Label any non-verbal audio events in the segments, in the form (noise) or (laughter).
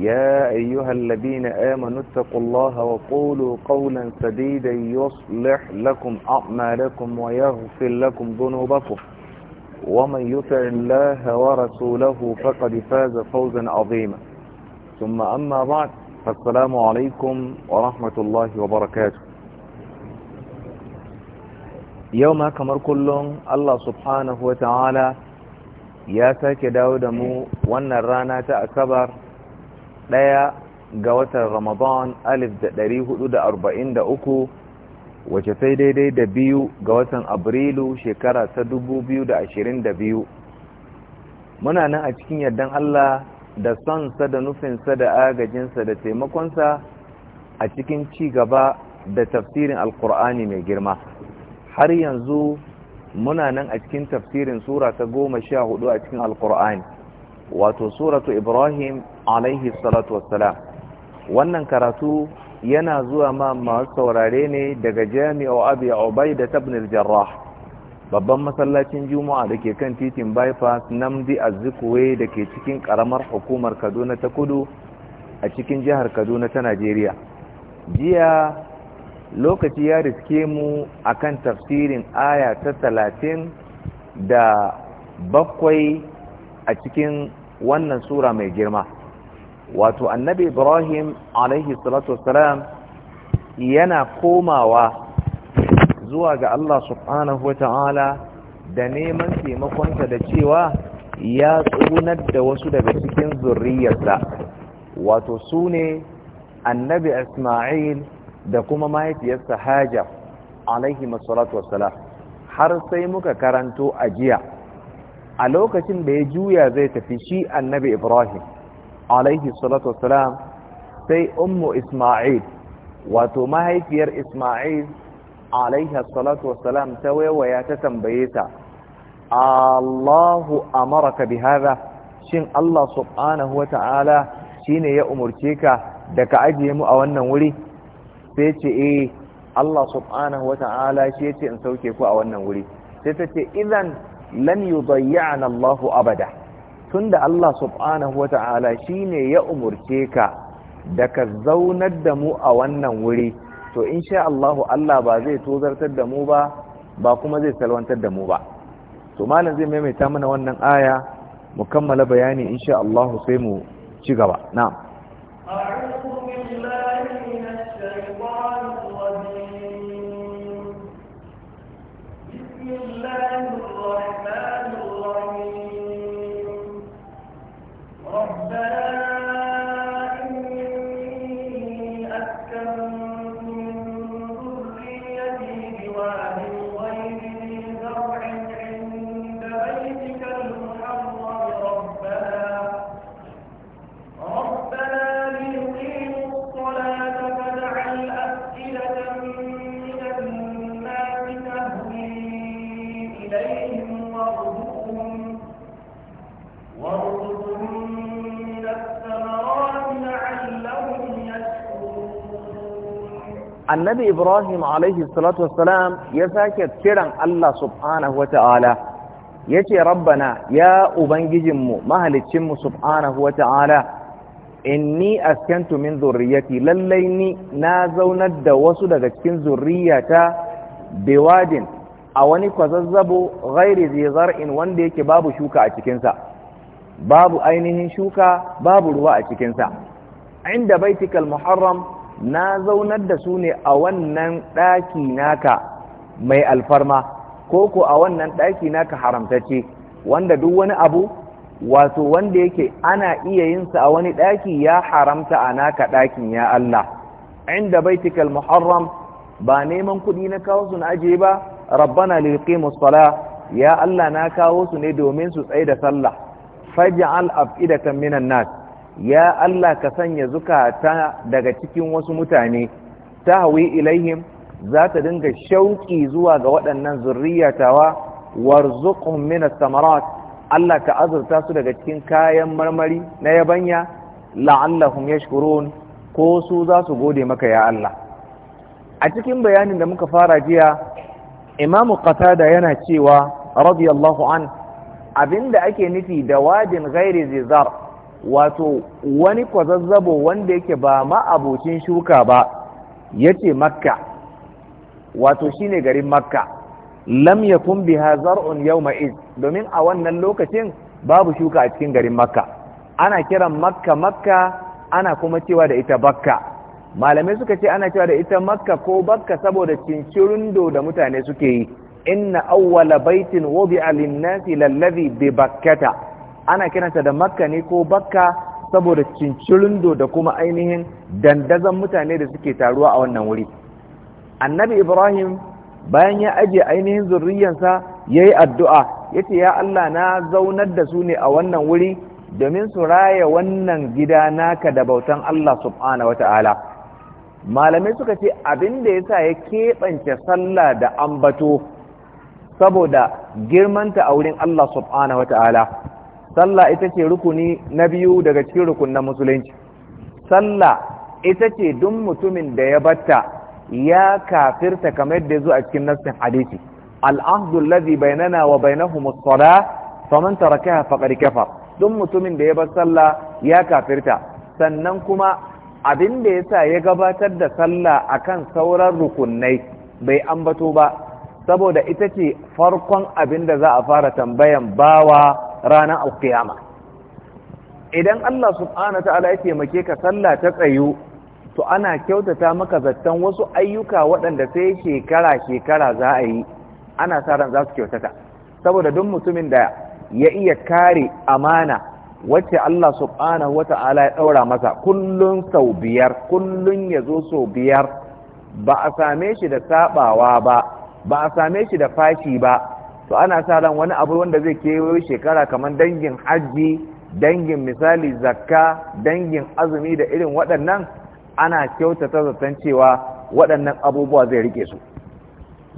يا أيها الذين آمنوا اتقوا الله وقولوا قولا سديدا يصلح لكم أعمالكم ويغفر لكم ذنوبكم ومن يطع الله ورسوله فقد فاز فوزا عظيما ثم أما بعد فالسلام عليكم ورحمة الله وبركاته يوم كمر كل الله سبحانه وتعالى يا ساكي داود مو وانا الرانا تأكبر ɗaya ga watan ramadan alif da ɗari hudu da arba'in da uku wace sai daidai da biyu ga watan abrilu shekara ta dubu ashirin da biyu muna nan a cikin yardan allah da sa da nufinsa da agajinsa da taimakonsa a cikin ci gaba da tafsirin alkur'ani mai girma har yanzu muna nan a cikin tafsirin sura ta goma sha hudu a cikin alkur'ani wato suratu ibrahim alaihi salatu wassalam wannan karatu yana zuwa ma masu saurare ne daga jami'a abu ya da tabnil jarrah babban masallacin juma'a da ke kan titin bypass namdi azikwe da ke cikin karamar hukumar kaduna ta kudu a cikin jihar kaduna ta najeriya jiya lokaci ya riske mu akan tafsirin aya ta talatin da bakwai a cikin wannan sura mai girma wato annabi ibrahim alaihi salatu wasalam yana komawa zuwa ga Allah subhanahu wata'ala da neman taimakonsa da cewa ya tsunar da wasu daga cikin zurriyarsa wato su ne annabi isma'il da kuma mahaifiyarsa hajar alaihi salatu har sai muka karanto a jiya. a lokacin da ya juya zai tafi shi annabi ibrahim alaihi salatu wasalam sai ummu isma'il wato mahaifiyar isma'il alaihi salatu wasalam ta waiwaya ta tambaye ta allahu amaraka bi hada shin allah subhanahu wata'ala shine ya umarce ka da ka ajiye mu a wannan wuri sai ce eh Allah subhanahu wata'ala shi yace in sauke ku a wannan wuri sai ta ce idan lan yudayyana Allahu abada tunda Allah subhanahu wata'ala ne ya umurce ka da ka zaunar da mu a wannan wuri to in sha Allah Allah ba zai tozartar da mu ba ba kuma zai salwantar da mu ba to malam zai maimaita mana wannan aya mu kammala bayani sha Allah sai mu ci gaba na'am annabi ibrahim alaihi salatu wassalam ya sake kiran allah subhanahu wata'ala ya ce rabbana ya ubangijinmu mahalicinmu subhanahu wata'ala inni askantu min zurriyati lallai ni na zaunar da wasu daga cikin zurriyata Bewadin a wani kwazazzabo ghairi zar'in wanda yake babu shuka a cikinsa babu ainihin shuka babu ruwa a cikinsa inda baitikal muharram na zaunar da su ne a wannan ɗaki naka mai alfarma ko ko a wannan ɗaki naka haramtacce wanda duk wani abu wato wanda yake ana iya yinsa a wani ɗaki ya haramta a naka ɗakin ya Allah inda baitikal muharram ba neman kuɗi na kawo su na ajiye ba rabbana liqimus sala ya Allah na kawo su ne domin su tsaye da sallah faj'al af'idatan minan nas ya Allah ka sanya zukata daga cikin wasu mutane ta hawi ilaihim za ta dinga shauƙi zuwa ga waɗannan zurriyatawa warzuqhum min as-samarat Allah ka azurta su daga cikin kayan marmari na yabanya la'allahum yashkurun ko su za su gode maka ya Allah a cikin bayanin da muka fara jiya imamu qatada yana cewa radiyallahu an abinda ake nufi da wadin ghairi zizar wato wani kwazazzabo wanda yake ba ma abokin shuka ba yace makka wato shine garin makka lam yakun biha zar'un yawma iz domin a wannan lokacin babu shuka a cikin garin makka ana kiran makka makka ana kuma cewa da ita bakka malamai suka ce ana cewa da ita makka ko bakka saboda do da mutane suke yi inna awwala baitin wudi'a lin-nasi bi bakkata ana kiranta da makka ne ko bakka saboda cincirindo da kuma ainihin dandazan mutane da suke taruwa a wannan wuri annabi ibrahim bayan ya ajiye ainihin zurriyansa ya yi addu'a ya ce ya allah na zaunar da su ne a wannan wuri domin su raya wannan gida naka da bautan allah subhana wa ta'ala.' malamai suka ce abin da ya sa ya keɓance sallah da ambato saboda girmanta a wurin allah subhana wa ta'ala. sallah ita ce rukuni na biyu daga cikin na musulunci sallah ita ce duk mutumin da ya batta ya kafirta kamar da zuwa cikin nassin hadisi al'ahdu alladhi bainana wa bainahum as-salah man tarakaha faqad kafar duk mutumin da ya bar sallah ya kafirta sannan kuma abin da yasa ya gabatar da sallah akan sauran rukunai bai ambato ba saboda ita ce farkon abin da za a fara tambayan bawa ranar alkiyama idan Allah subhanahu ta'ala ya taimake ka sallah ta tsayu to ana kyautata maka zattan wasu ayyuka waɗanda sai shekara shekara za a yi ana sa ran za su kyautata saboda duk mutumin da ya iya kare amana wacce Allah subhanahu wata'ala ya ɗaura masa kullun sau biyar kullun ya zo sau biyar ba a same shi da sabawa ba ba a same shi da fashi ba to ana sa ran wani abu wanda zai kewayo shekara kamar dangin hajji dangin misali zakka dangin azumi da irin waɗannan ana kyautata zaton cewa waɗannan abubuwa zai rike su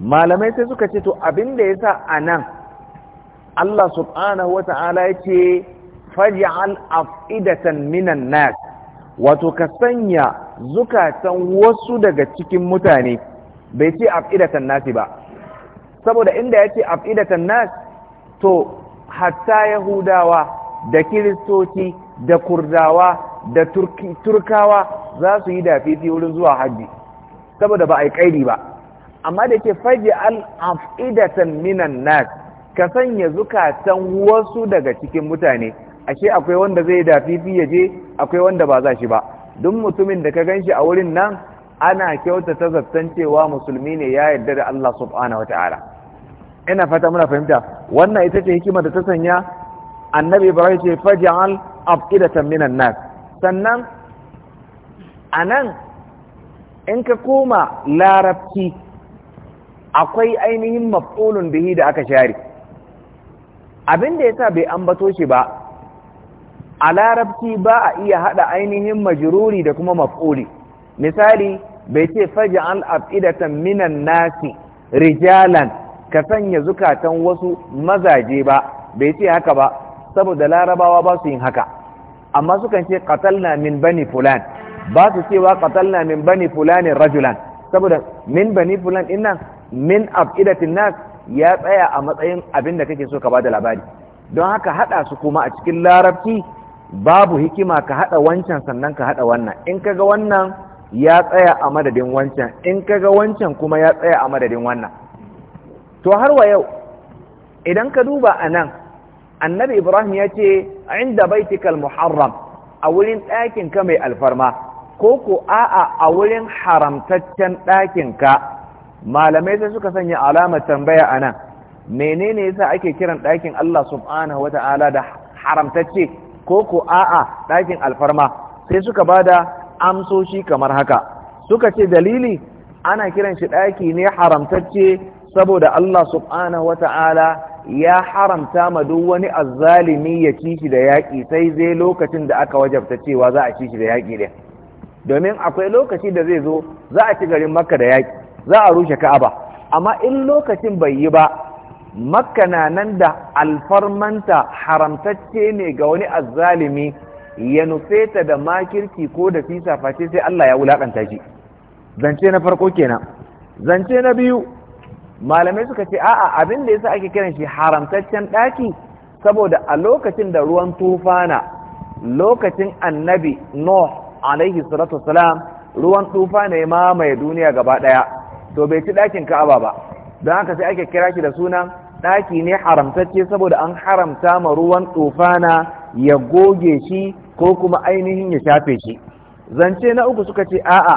malamai sai suka ce to abin da ya sa a nan Allah subhanahu wa ta'ala ya ce faj'al af'idatan minan nas wato ka sanya zukatan wasu daga cikin mutane bai ce af'idatan nasi ba saboda inda yace afidatan nas to hatta yahudawa da kiristoci da kurdawa da turkawa za su yi dafifi wurin zuwa hajji saboda ba a yi kaidi ba amma da ke faji al'afidatan minan nas ka sanya zukatan wasu daga cikin mutane ashe akwai wanda zai dafifi ya je akwai wanda ba za shi ba duk mutumin da ka ganshi a wurin nan ana kyautata zaton cewa musulmi ne ya yarda da Allah subhanahu wata'ala ina fata muna fahimta wannan ita ce hikimar da ta sanya annabi ibrahim ce faj'al afqidatan minan nas sannan anan in ka koma larabci akwai ainihin maf'ulun bihi da aka share abin da yasa bai ambato shi ba a larabci ba a iya hada ainihin majruri da kuma maf'uli misali bai ce faj'al afqidatan minan nasi rijalan ka sanya zukatan wasu mazaje ba bai ce haka ba saboda larabawa ba su yin haka amma sukan ce qatalna min bani fulan ba su cewa qatalna min bani fulanin rajulan saboda min bani fulan ina, min afidatin nas ya tsaya a matsayin abin da kake so ka bada labari don haka haɗa su kuma a cikin larabci babu hikima ka hada wancan sannan ka haɗa wannan in ka ga wannan ya tsaya a madadin wancan in ka ga wancan kuma ya tsaya a madadin wannan to har wa yau idan ka duba a nan annabi ibrahim ya ce inda baitikal muharram a wurin ɗakin ka mai alfarma ko ko a'a a wurin haramtaccen ɗakin ka malamai sai suka sanya alamar tambaya a nan menene yasa ake kiran ɗakin Allah subhanahu Ta'ala da haramtacce ko ko a'a ɗakin alfarma sai suka bada amsoshi kamar haka suka ce dalili ana kiran shi ɗaki ne haramtacce saboda Allah subhanahu Ta'ala ya haramta ma duk wani azzalimi ya ci shi da yaƙi sai zai lokacin da aka wajabta cewa za a ci shi da yaƙi ɗin domin akwai lokaci da zai zo za a ci garin makka da yaƙi za a rushe ka'aba amma in lokacin bai yi ba makka na nan da alfarmanta haramtacce ne ga wani azzalimi ya nufe ta da makirki ko da fisa face sai Allah ya wulakanta shi zance na farko kenan zance na biyu malamai suka ce a'a abin da yasa ake kiran shi haramtaccen daki, saboda a lokacin da ruwan tufana lokacin annabi nuh alaihi salatu wasalam ruwan tufana ya mamaye duniya gaba ɗaya to bai ci ɗakin ka'aba ba don haka sai ake kira shi da sunan ɗaki ne haramtacce saboda an haramta ma ruwan tufana ya goge shi ko kuma ainihin ya shafe shi zance na uku suka ce a'a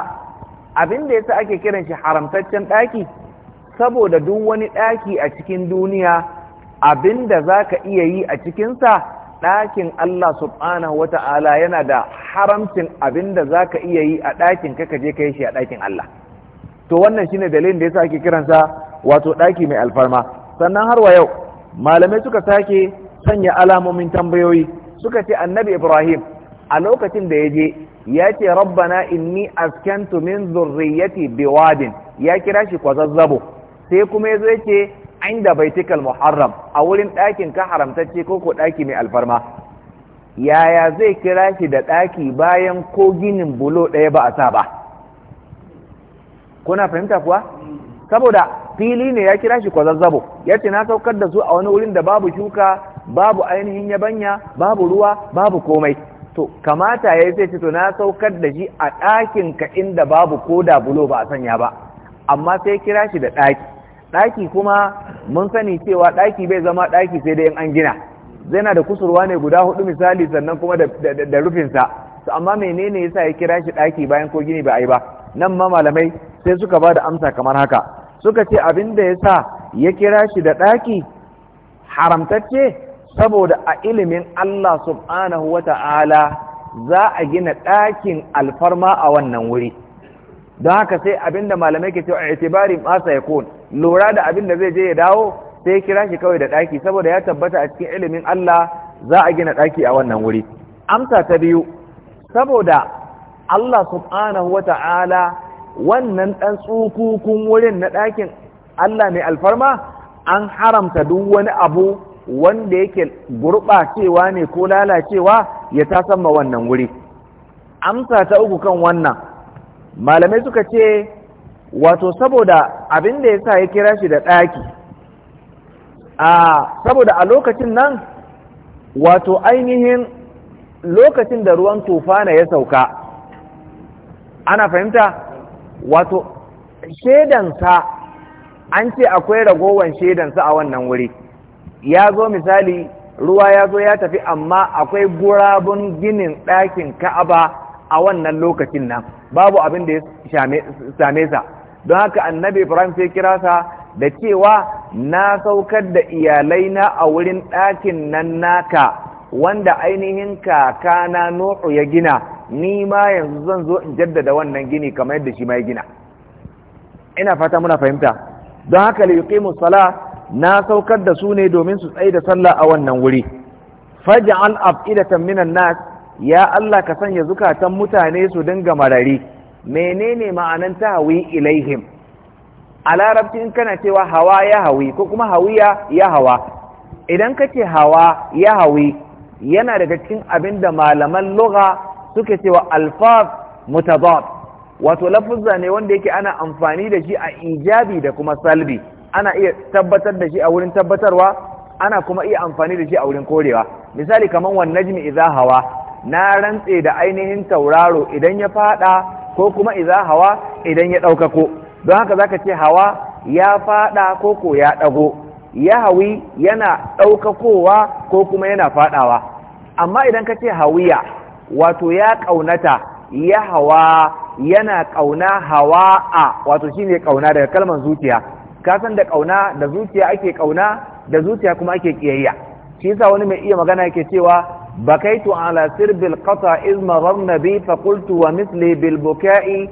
abin da yasa ake kiran shi haramtaccen ɗaki saboda duk wani ɗaki a cikin duniya abinda za ka iya yi a cikinsa ɗakin Allah subhanahu wa ta'ala yana da haramcin abinda za ka iya yi a ɗakin ka je ka yi shi a ɗakin Allah to wannan shine dalilin da yasa ake kiransa wato ɗaki mai alfarma sannan har wa yau malamai suka sake sanya alamomin tambayoyi suka ce annabi Ibrahim a lokacin da ya je ya ce rabbana inni askantu min zurriyati biwadin ya kira shi kwazazzabo sai kuma ya yazo yace inda baitikal muharram a wurin ɗakin ka haramtacce ko ko ɗaki mai alfarma yaya zai kira shi da ɗaki bayan ko ginin bulo ɗaya ba a sa ba kuna fahimta kuwa saboda fili ne ya kira shi kwazazzabo ya ce na saukar da su a wani wurin da babu shuka babu ainihin yabanya babu ruwa babu komai to kamata ya yi sai to na saukar da shi a ɗakin ka inda babu ko da bulo ba a sanya ba amma sai kira shi da ɗaki ɗaki kuma mun sani cewa ɗaki bai zama ɗaki sai da in an gina zai na da kusurwa ne guda hudu misali sannan kuma da rufinsa to amma menene yasa ya kira shi ɗaki bayan ko gini ba a yi ba nan ma malamai sai suka ba da amsa kamar haka suka ce abin da ya sa ya kira shi da ɗaki haramtacce saboda a ilimin Allah subhanahu wa ta'ala za a gina ɗakin alfarma a wannan wuri don haka sai abinda malamai ke cewa itibari masa ya kun lura da abin da zai je ya dawo sai kira shi kawai da daki saboda ya tabbata a cikin ilimin Allah za a gina ɗaki a wannan wuri amsa ta biyu saboda Allah subhanahu wata'ala wannan ɗan tsukukun wurin na ɗakin Allah mai alfarma an haramta duk wani abu wanda yake gurɓacewa ne ko lalacewa ya tasamma wannan wuri amsa ta uku kan wannan malamai suka ce wato saboda abin da ya sa ya kira shi da ɗaki a saboda a lokacin nan wato ainihin lokacin da ruwan tufana ya sauka ana fahimta wato shedansa an ce akwai ragowan shaidansa a wannan wuri ya zo misali ruwa ya zo ya tafi amma akwai gurabun ginin ɗakin ka'aba a wannan lokacin nan babu abin da ya same sa don haka annabi ibrahim sai kira sa da cewa na saukar da iyalaina a wurin ɗakin nan naka wanda ainihin kakana nuhu ya gina ni ma yanzu zan zo in jaddada wannan gini kamar yadda shi ma ya gina ina fata muna fahimta don haka li yuqimu salah na saukar da su ne domin su tsaye da sallah a wannan wuri faj'al af'idatan minan nas ya Allah ka sanya zukatan mutane su dinga marari menene ma'anan hawi ilaihim a larabci in kana cewa hawa ya hawi ko kuma hawiya ya hawa idan ka ce hawa ya hawi yana daga cikin abinda malaman lugha suke cewa alfaz mutadad wato lafuzza ne wanda yake ana amfani da shi a ijabi da kuma salbi ana iya tabbatar da shi a wurin tabbatarwa ana kuma iya amfani da shi a wurin korewa misali kaman wan najmi idza hawa na rantse da ainihin tauraro idan ya fada ko kuma iza hawa idan ya ɗaukako don haka zaka ce hawa ya fada ko ko ya ɗago ya hawi yana ɗaukakowa ko kuma yana fadawa amma idan ka ce hawiya wato ya ƙaunata ya hawa yana ƙauna hawa a wato shine ƙauna daga kalmar zuciya ka san da ƙauna da zuciya ake ƙauna da zuciya kuma ake ƙiyayya shi yasa wani mai iya magana yake cewa بكيت على سرب القطع إذ مررن بي فقلت ومثلي بالبكاء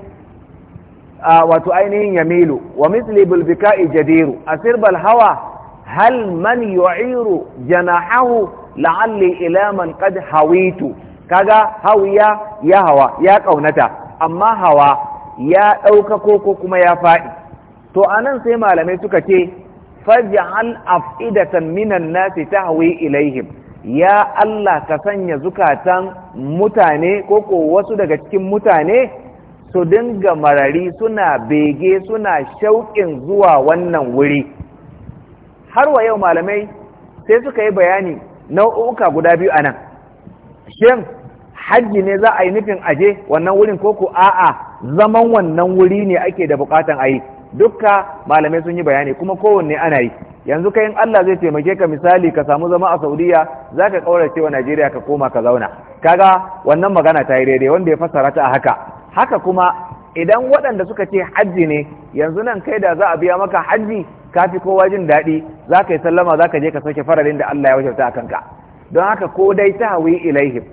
آه وتؤينه يميل ومثلي بالبكاء جدير أسرب الهوى هل من يعير جناحه لعلي إلى من قد هويت كذا هويا يا هوى يا كونتا أما هوى يا أوككوكو كما يا فائد to anan sai malamai suka ce faj'al af'idatan minan nasi tahwi ilaihim ya Allah ka sanya zukatan mutane ko ko wasu daga cikin mutane su dinga marari suna bege suna shauƙin zuwa wannan wuri har wa yau malamai sai suka yi bayani nau'uka guda biyu anan shin hajji ne za a yi nufin aje wannan wurin ko ko a'a zaman wannan wuri ne ake da bukatan a yi dukka malamai sun yi bayani kuma kowanne ana yi yanzu kai in Allah zai taimake ka misali ka samu zama a Saudiya ka kaurace wa Najeriya ka koma ka zauna kaga wannan magana ta yi daidai wanda ya fassara ta a haka haka kuma idan waɗanda suka ce hajji ne yanzu nan kai da za a biya maka hajji ka fi kowa jin daɗi za ka yi sallama za ka je ka sauke faralin da Allah ya wajabta a kanka don haka ko dai ta hawi ilaihim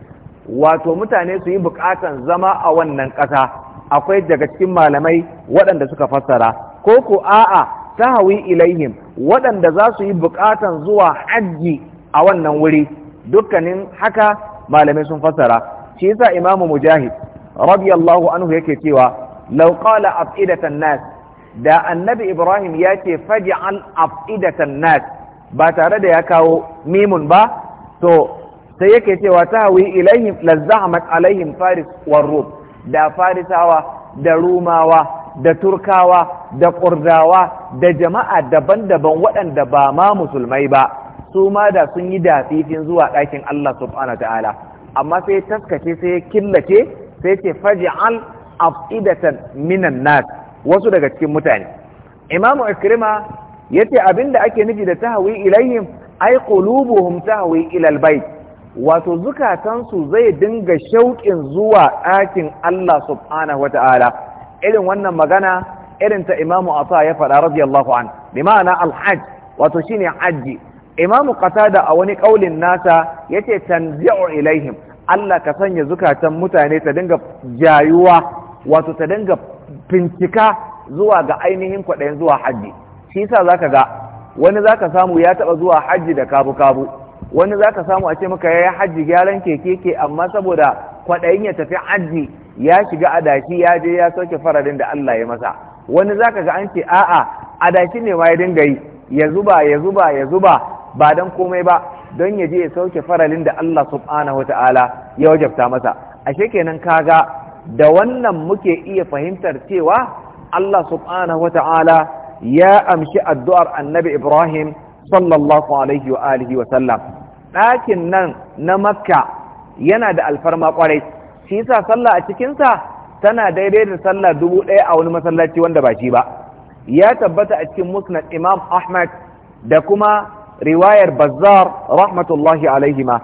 wato mutane su yi buƙatan zama a wannan ƙasa akwai daga cikin malamai waɗanda suka fassara ko ko a'a tahawi ilaihim waɗanda za su yi buƙatan zuwa hajji a wannan wuri dukkanin haka malamai sun fassara shi yasa imamu mujahid radiyallahu anhu yake cewa law qala afidatan nas da annabi ibrahim ya ce faj'al afidatan nas ba tare da ya kawo mimun ba to sai yake cewa tahawi ilaihim lazzamat alaihim faris war rum da farisawa da rumawa da turkawa da kurdawa da jama'a daban-daban waɗanda ba ma musulmai ba su ma da sun yi dafifin zuwa ɗakin Allah subhanahu ta'ala amma sai taskace sai ya killace sai ce faj'al afidatan minan nas wasu daga cikin mutane imamu ikrima yace abinda ake nufi da tahwi ilaihim ai qulubuhum tahwi ila albayt wato zukatansu zai dinga shauƙin zuwa ɗakin Allah subhanahu ta'ala irin wannan magana irin ta imamu asa ya faɗa radiyallahu an bi ma'ana Alhaj, wato shi ne hajji imamu qatada a wani kaulin nasa ya ce tanzi'u ilaihim Allah ka sanya zukatan mutane ta dinga jayuwa wato ta dinga bincika zuwa ga ainihin kwaɗayin zuwa hajji shi yasa ka ga wani za ka samu ya taɓa zuwa hajji da kabu kabu wani za ka samu a ce maka ya yi hajji gyaran keke ke amma saboda kwaɗayin ya tafi hajji ya shiga adashi ya je ya sauke faradin da Allah ya masa wani zaka ga an ce a'a adashi ne ma ya dinga yi ya zuba ya zuba ya zuba ba dan komai ba don ya je ya sauke faralin da Allah subhanahu ta'ala ya wajabta masa ashe kenan kaga da wannan muke iya fahimtar cewa Allah subhanahu ta'ala ya amshi addu'ar annabi Ibrahim sallallahu alaihi wa alihi wa sallam ɗakin nan na makka yana da alfarma kwarai shi yasa sallah a cikinsa tana daidai da sallah dubu ɗaya a wani masallaci wanda ba shi ba ya tabbata a cikin musnad imam ahmad da kuma riwayar bazzar rahmatullahi alaihima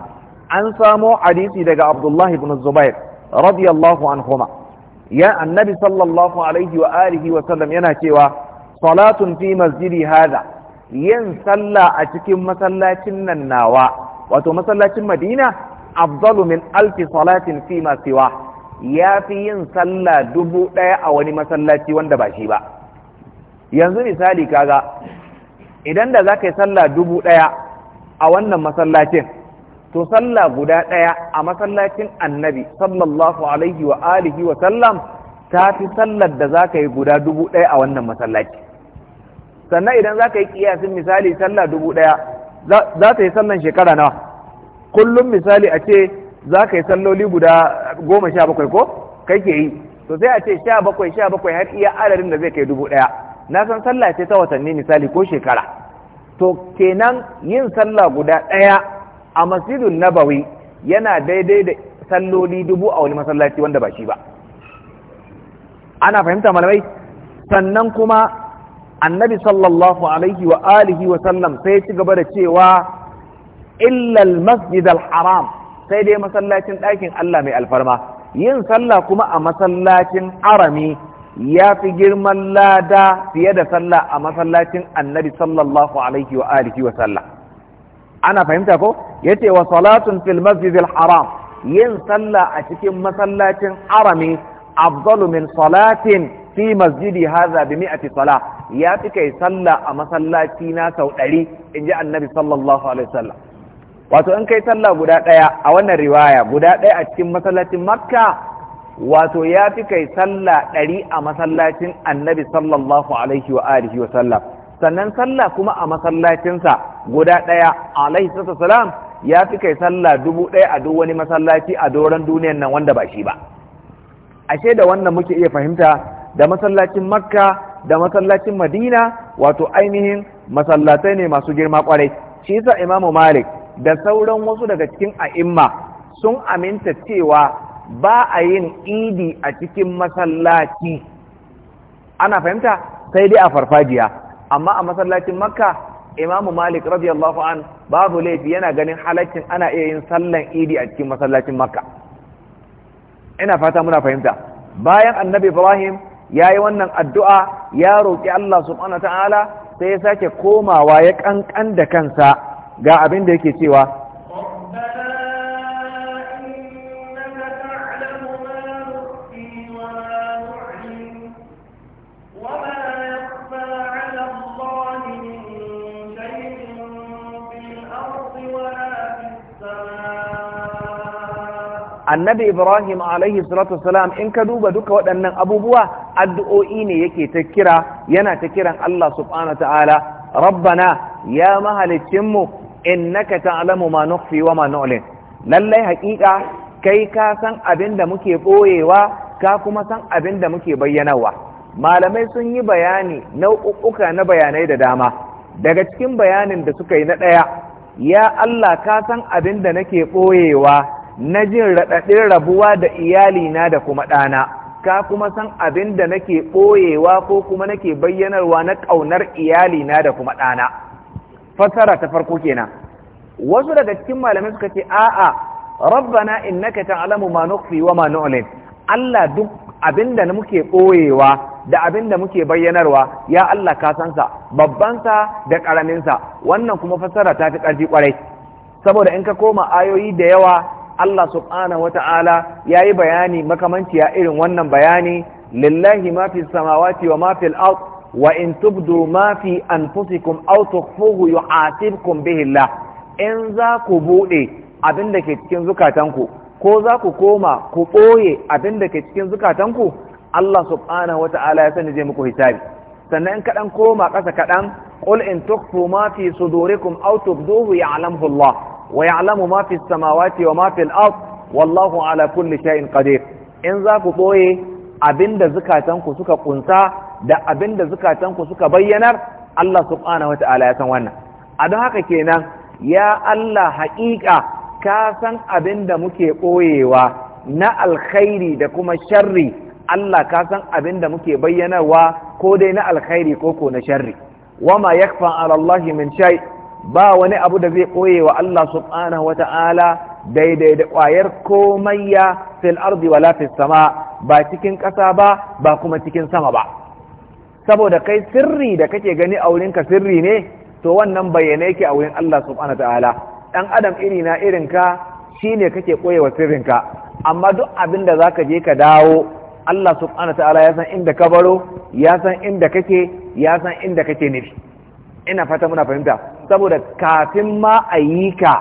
an samo hadisi daga abdullahi ibn zubair radiyallahu anhuma ya annabi sallallahu alaihi wa alihi wa sallam yana cewa salatun fi masjidi hada yin sallah a cikin masallacin nan nawa wato masallacin madina afdalu min alfi salatin fi ma siwa ya fi yin sallah dubu ɗaya a wani masallaci wanda ba shi ba yanzu misali kaga idan da za ka yi sallah dubu ɗaya a wannan masallacin to sallah guda ɗaya a masallacin annabi sallallahu alaihi wa alihi wa sallam ta fi sallar da za ka yi guda dubu ɗaya a wannan masallaci sannan idan za ka yi kiyasin misali sallah dubu ɗaya za ta yi sallan shekara nawa kullum misali a ce za ka yi salloli guda goma sha bakwai ko kai ke yi to sai a ce sha bakwai sha bakwai har iya adadin da zai kai dubu ɗaya na san sallah ce ta watanni misali ko shekara to kenan yin sallah guda ɗaya a masjidun nabawi yana daidai da salloli dubu a wani masallaci wanda ba shi ba ana fahimta malamai sannan kuma annabi sallallahu alaihi wa alihi wa sallam sai ci gaba da cewa illal masjid al-haram sai dai masallacin ɗakin Allah mai alfarma yin sallah kuma a masallacin arami ya fi girman lada fiye da sallah a masallacin annabi sallallahu alaihi wa alihi wa sallah ana fahimta ko yace wa salatun fil masjid al-haram yin sallah a cikin masallacin arami afdalu min salatin fi masjidi hadha bi mi'ati salah ya fi kai sallah a masallaci na sau ɗari in ji annabi sallallahu alaihi wa sallam wato in kai sallah guda ɗaya a wannan riwaya guda ɗaya a cikin masallacin makka wato ya fi kai sallah ɗari a masallacin annabi sallallahu alaihi wa alihi wa sallam sannan sallah kuma a masallacinsa guda ɗaya alaihi sallam ya fi kai sallah dubu ɗaya a duk wani masallaci a doron duniyan nan wanda ba shi ba ashe da wannan muke iya fahimta da masallacin makka da masallacin madina wato ainihin masallatai ne masu girma kwarai shi yasa imamu malik da sauran wasu daga cikin a'imma sun aminta cewa ba a yin idi a cikin masallaci ana fahimta sai dai a farfajiya amma a masallacin makka imamu malik radiyallahu an babu laifi yana ganin halaccin ana iya yin sallan idi a cikin masallacin makka ina fata muna fahimta bayan annabi ibrahim ya yi wannan addu'a ya roƙi allah subhanahu ta'ala sai ya sake komawa ya ƙanƙan da kansa ga abin da yake cewa annabi ibrahim alaihi salatu wasalam in ka duba duka waɗannan abubuwa addu'o'i ne yake ta kira yana ta kiran allah subhanahu ta'ala rabbana ya mahalicinmu innaka ta'lamu ma nukhfi wa ma nu'lin lallai haƙiƙa kai ka san abin da muke ɓoyewa ka kuma san abin da muke bayyanawa malamai sun yi bayani nau'uka na bayanai da dama daga cikin bayanin da suka yi na ɗaya ya Allah ka san abin da nake ɓoyewa na jin raɗaɗin rabuwa da iyalina da kuma ɗana ka kuma san abin da nake ɓoyewa ko kuma nake bayyanarwa na ƙaunar iyalina da kuma ɗana fassara ta farko kenan wasu daga cikin malamai suka ce a'a rabbana innaka ta'lamu ma nukhfi wa ma nu'lin Allah duk abinda muke ɓoyewa da abinda muke bayyanarwa ya Allah ka san sa babban sa da karamin sa wannan kuma fassara ta fi ƙarfi kwarai saboda in ka koma ayoyi da yawa Allah subhanahu wata'ala yayi bayani makamanciya irin wannan bayani lillahi ma fi samawati wa ma fil ard wa in tubdu ma fi anfusikum aw tukhfuhu yu'atibkum bihi Allah in za ku buɗe abin da ke cikin zukatanku ko za ku koma ku ɓoye abin da ke cikin zukatanku Allah subhanahu wata'ala ya sani zai muku hisabi sannan kaɗan kadan koma kasa kaɗan? qul in tukhfu ma fi sudurikum aw tubduhu ya'lamuhu Allah wa ya'lamu ma fi samawati wa ma fi wallahu ala kulli shay'in qadir in za ku boye abinda zukatanku suka kunsa da abin da zukatanku suka bayyanar Allah subhanahu ta'ala ya san wannan a don haka kenan ya Allah haƙiƙa ka san abin da muke ɓoyewa na alkhairi da kuma sharri Allah ka san abin da muke bayyanarwa ko dai na alkhairi ko ko na sharri wama yakfa alallahi min shay ba wani abu da zai koye wa Allah subhanahu wata'ala daidai da kwayar komai ya fil ardi wala fis sama ba cikin ƙasa ba ba kuma cikin sama ba saboda kai sirri da kake gani a wurinka sirri ne to wannan bayyana yake a wurin Allah subhanahu ta'ala dan adam iri na irin ka shine kake sirrin sirrinka amma duk abin da zaka je ka dawo Allah subhanahu ta'ala ya san inda ka baro ya san inda kake ya san inda kake ne ina fata muna fahimta saboda kafin ma a yi ka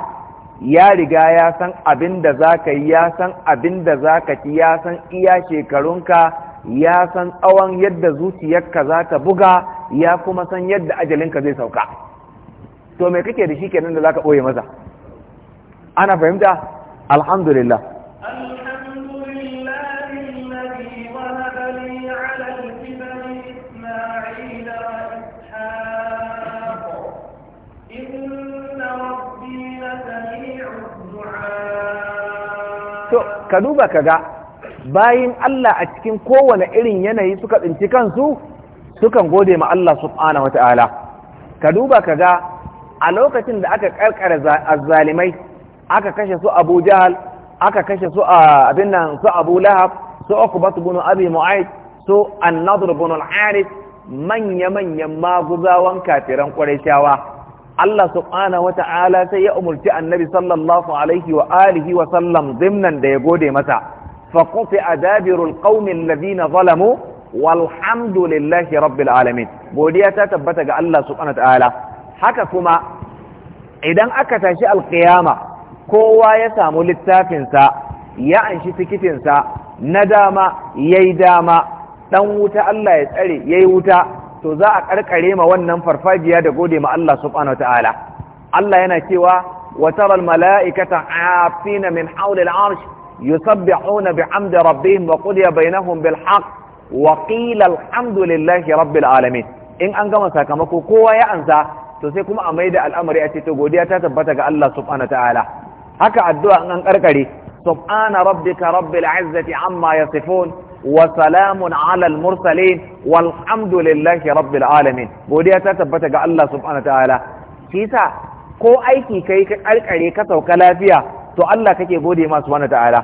ya riga ya san abin da zaka yi ya san abin da zaka ci ya san iya shekarunka ya san tsawon yadda zuciyarka za ta buga ya kuma san yadda ajalinka zai sauka to me kake da shi kenan da za ka ɓoye maza? ana fahimta alhamdulillah ka duba ka ga bayin Allah a cikin kowane irin yanayi suka tsinci kansu sukan gode ma Allah subhanahu wata'ala ka duba ka ga a lokacin da aka karkara azzalimai aka kashe su Abu Jahal aka kashe su abin nan su Abu Lahab su Uqbat ibn Abi Mu'ayth su An-Nadr al-Harith manya-manyan maguzawan kafiran Qurayshawa Allah subhanahu wata'ala sai ya umurci annabi sallallahu alaihi wa alihi wa sallam zimnan da ya gode masa فقطع دابر القوم الذين ظلموا والحمد لله رب العالمين godiya ta tabbata ga Allah subhanahu ta'ala haka kuma idan aka tashi alqiyama kowa ya samu littafinsa, ya anshi tikitin sa na dama yayi dama ɗan wuta Allah ya tsare yayi wuta to za a ƙarƙare ma wannan farfajiya da gode ma Allah subhanahu ta'ala Allah yana cewa wa taral mala'ikata afina min hawli al-arsh yusabbihuna bihamdi rabbihim wa qudiya bainahum bil haqq wa qila alhamdulillahi rabbil alamin in an gama sakamako kowa ya ansa to sai kuma a maida al'amari a ce godiya ta tabbata ga Allah subhanahu ta'ala haka addu'a in an karkare subhana rabbika rabbil izzati amma yasifun wa salamun ala al mursalin walhamdulillahi rabbil alamin godiya ta tabbata ga Allah subhanahu ta'ala shi ko aiki kai ka karkare ka sauka lafiya to Allah kake gode ma subhanahu ta'ala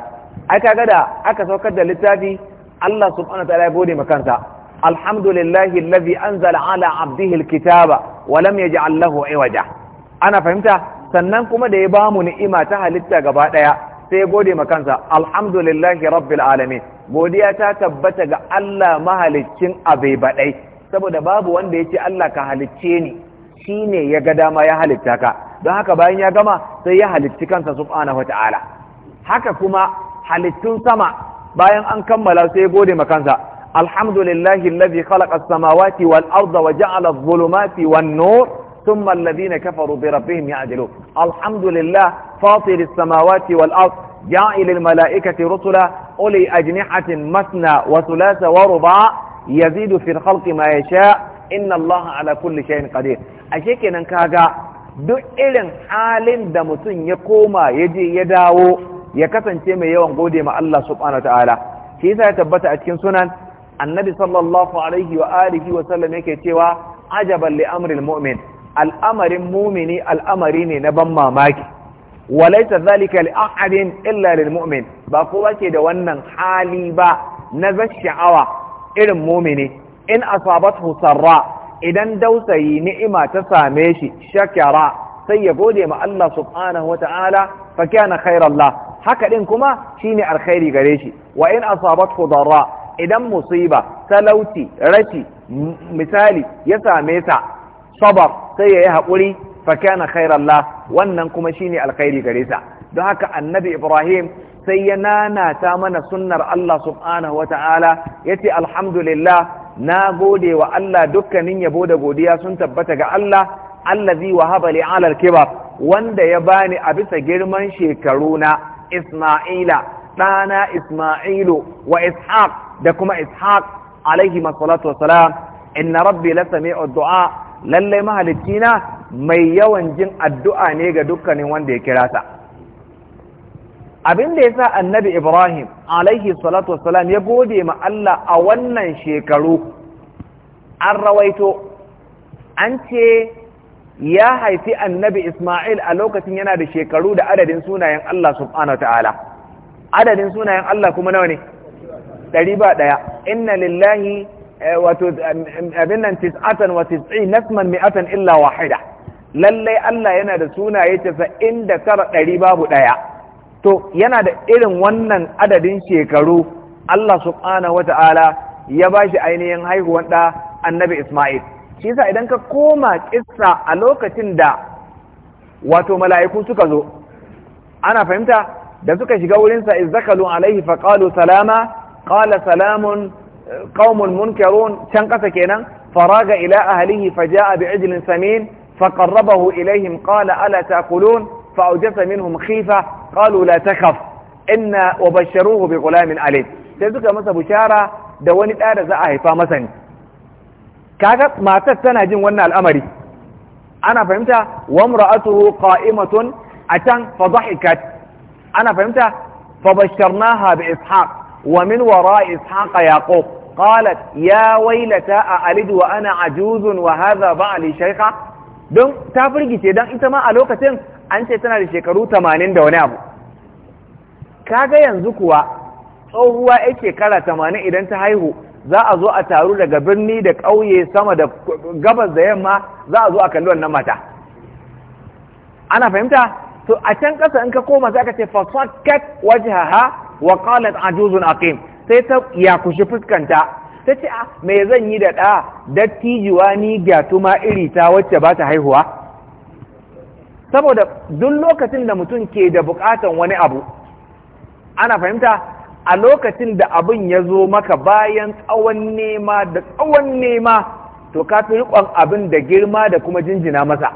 ai kaga da aka saukar da littafi Allah subhanahu ta'ala ya gode ma kansa alhamdulillahi allazi anzala ala abdihi alkitaba wa lam yaj'al lahu iwaja ana fahimta sannan kuma da ya bamu ni'ima ta halitta gaba daya sai ya gode ma kansa alhamdulillahi rabbil alamin godiya ta tabbata ga Allah mahaliccin abai baɗai saboda babu wanda ya ce Allah ka halicce ni shi ya ga dama ya halitta ka don haka bayan ya gama sai ya halitti kansa subhanahu wata'ala haka kuma halittun sama bayan an kammala sai ya gode makansa alhamdulillahi alladhi khalaqa as-samawati wal arda wa ja'ala adh-dhulumati wan-nur thumma alladhina kafaru bi rabbihim ثم الذين كفروا بربهم يعدلون الحمد لله فاطر السماوات والأرض جائل الملائكة رسلا أولي wa مثنى وثلاث ورباع يزيد في الخلق ما يشاء إن الله على كل شيء قدير أشيكي ننكاقا duk irin halin da mutum ya koma ya je ya dawo ya kasance mai yawan gode ma Allah subhanahu ta'ala shi yasa ya tabbata a cikin sunan annabi sallallahu alaihi wa alihi wa sallam yake cewa ajaban li amril mu'min al'amarin mumini al'amari ne na ban mamaki walaita zalika li ahadin illa lil mu'min ba kowa ke da wannan hali ba na zasha'awa irin mumini in asabathu sarra idan dausayi ni'ima ta same shi shakara sai ya gode ma Allah subhanahu wata'ala fa kana khairan la haka din kuma shine alkhairi gare shi wa in asabathu darra idan musiba talauci rashi misali ya same ta sabar sai ya yi haƙuri fa kana khairan la wannan kuma shine alkhairi gare sa don haka annabi Ibrahim sai ya nanata mana sunnar Allah subhanahu wata'ala yace alhamdulillah na gode wa Allah dukkanin yabo da godiya sun tabbata ga Allah allazi wahaba li alal kibar wanda ya bani a bisa girman shekaruna Isma'ila ɗana Isma'ilu wa Ishaq da kuma Ishaq alaihi masalatu wassalam inna rabbi la sami'u du'a lalle mahalicci na mai yawan jin addu'a ne ga dukkanin wanda ya kira sa abin da ya sa annabi ibrahim alaihi salatu wassalam ya gode ma Allah a wannan shekaru an rawaito an ce ya haifi annabi Ismail a lokacin yana da shekaru da adadin sunayen Allah subhanahu ta'ala adadin sunayen Allah kuma nawa ne ɗari ba ɗaya inna lillahi eh, wato eh, abin nan tis'atan wa tis'i nasman mi'atan illa wahida lallai Allah yana da sunaye tasa'in da tara ɗari babu ɗaya to yana da irin wannan adadin shekaru Allah subhanahu wata'ala ya ba shi ainihin haihuwan ɗa annabi Ismail shi yasa idan ka koma kissa a lokacin da wato mala'iku suka zo ana fahimta da suka shiga wurinsa izzakalu alaihi faqalu salama qala salamun qaumun munkarun can kasa kenan faraga ila ahlihi faja'a bi'ijlin samin faqarrabahu ilaihim qala ala taqulun فأوجس minhum khifa qalu takaf. takhaf inna wa basharuhu bi ghulamin alim sai suka masa bushara da wani ɗa da za a haifa masa ni. kaga matar tana jin wannan al'amari ana fahimta wa imra'atuhu qa'imatun atan fa dhahikat ana fahimta fa basharnaha bi ishaq wa min wara wara'i ishaq yaqub qalat ya wailata a alidu wa ana ajuzun wa ba Ali shaykha don ta firgice dan ita ma a lokacin an ce tana da shekaru tamanin da wani abu Ka ga yanzu kuwa tsohuwa yake kara tamanin idan ta haihu za a zo a taru daga birni da ƙauye sama da gabas da yamma za a zo a kalli wannan mata ana fahimta to a can ƙasa in ka koma za ka ce fasakat wajhaha wa qalat ajuzun aqim sai ta yakushi fuskanta ta ce a ah, me zan yi da ɗa dattijuwa ni tuma iri ta wacce ba ta haihuwa saboda duk lokacin da mutum ke da buƙatan wani abu ana fahimta a lokacin da abin ya zo maka bayan tsawon nema da tsawon nema to ka fi riƙon abin da girma da kuma jinjina masa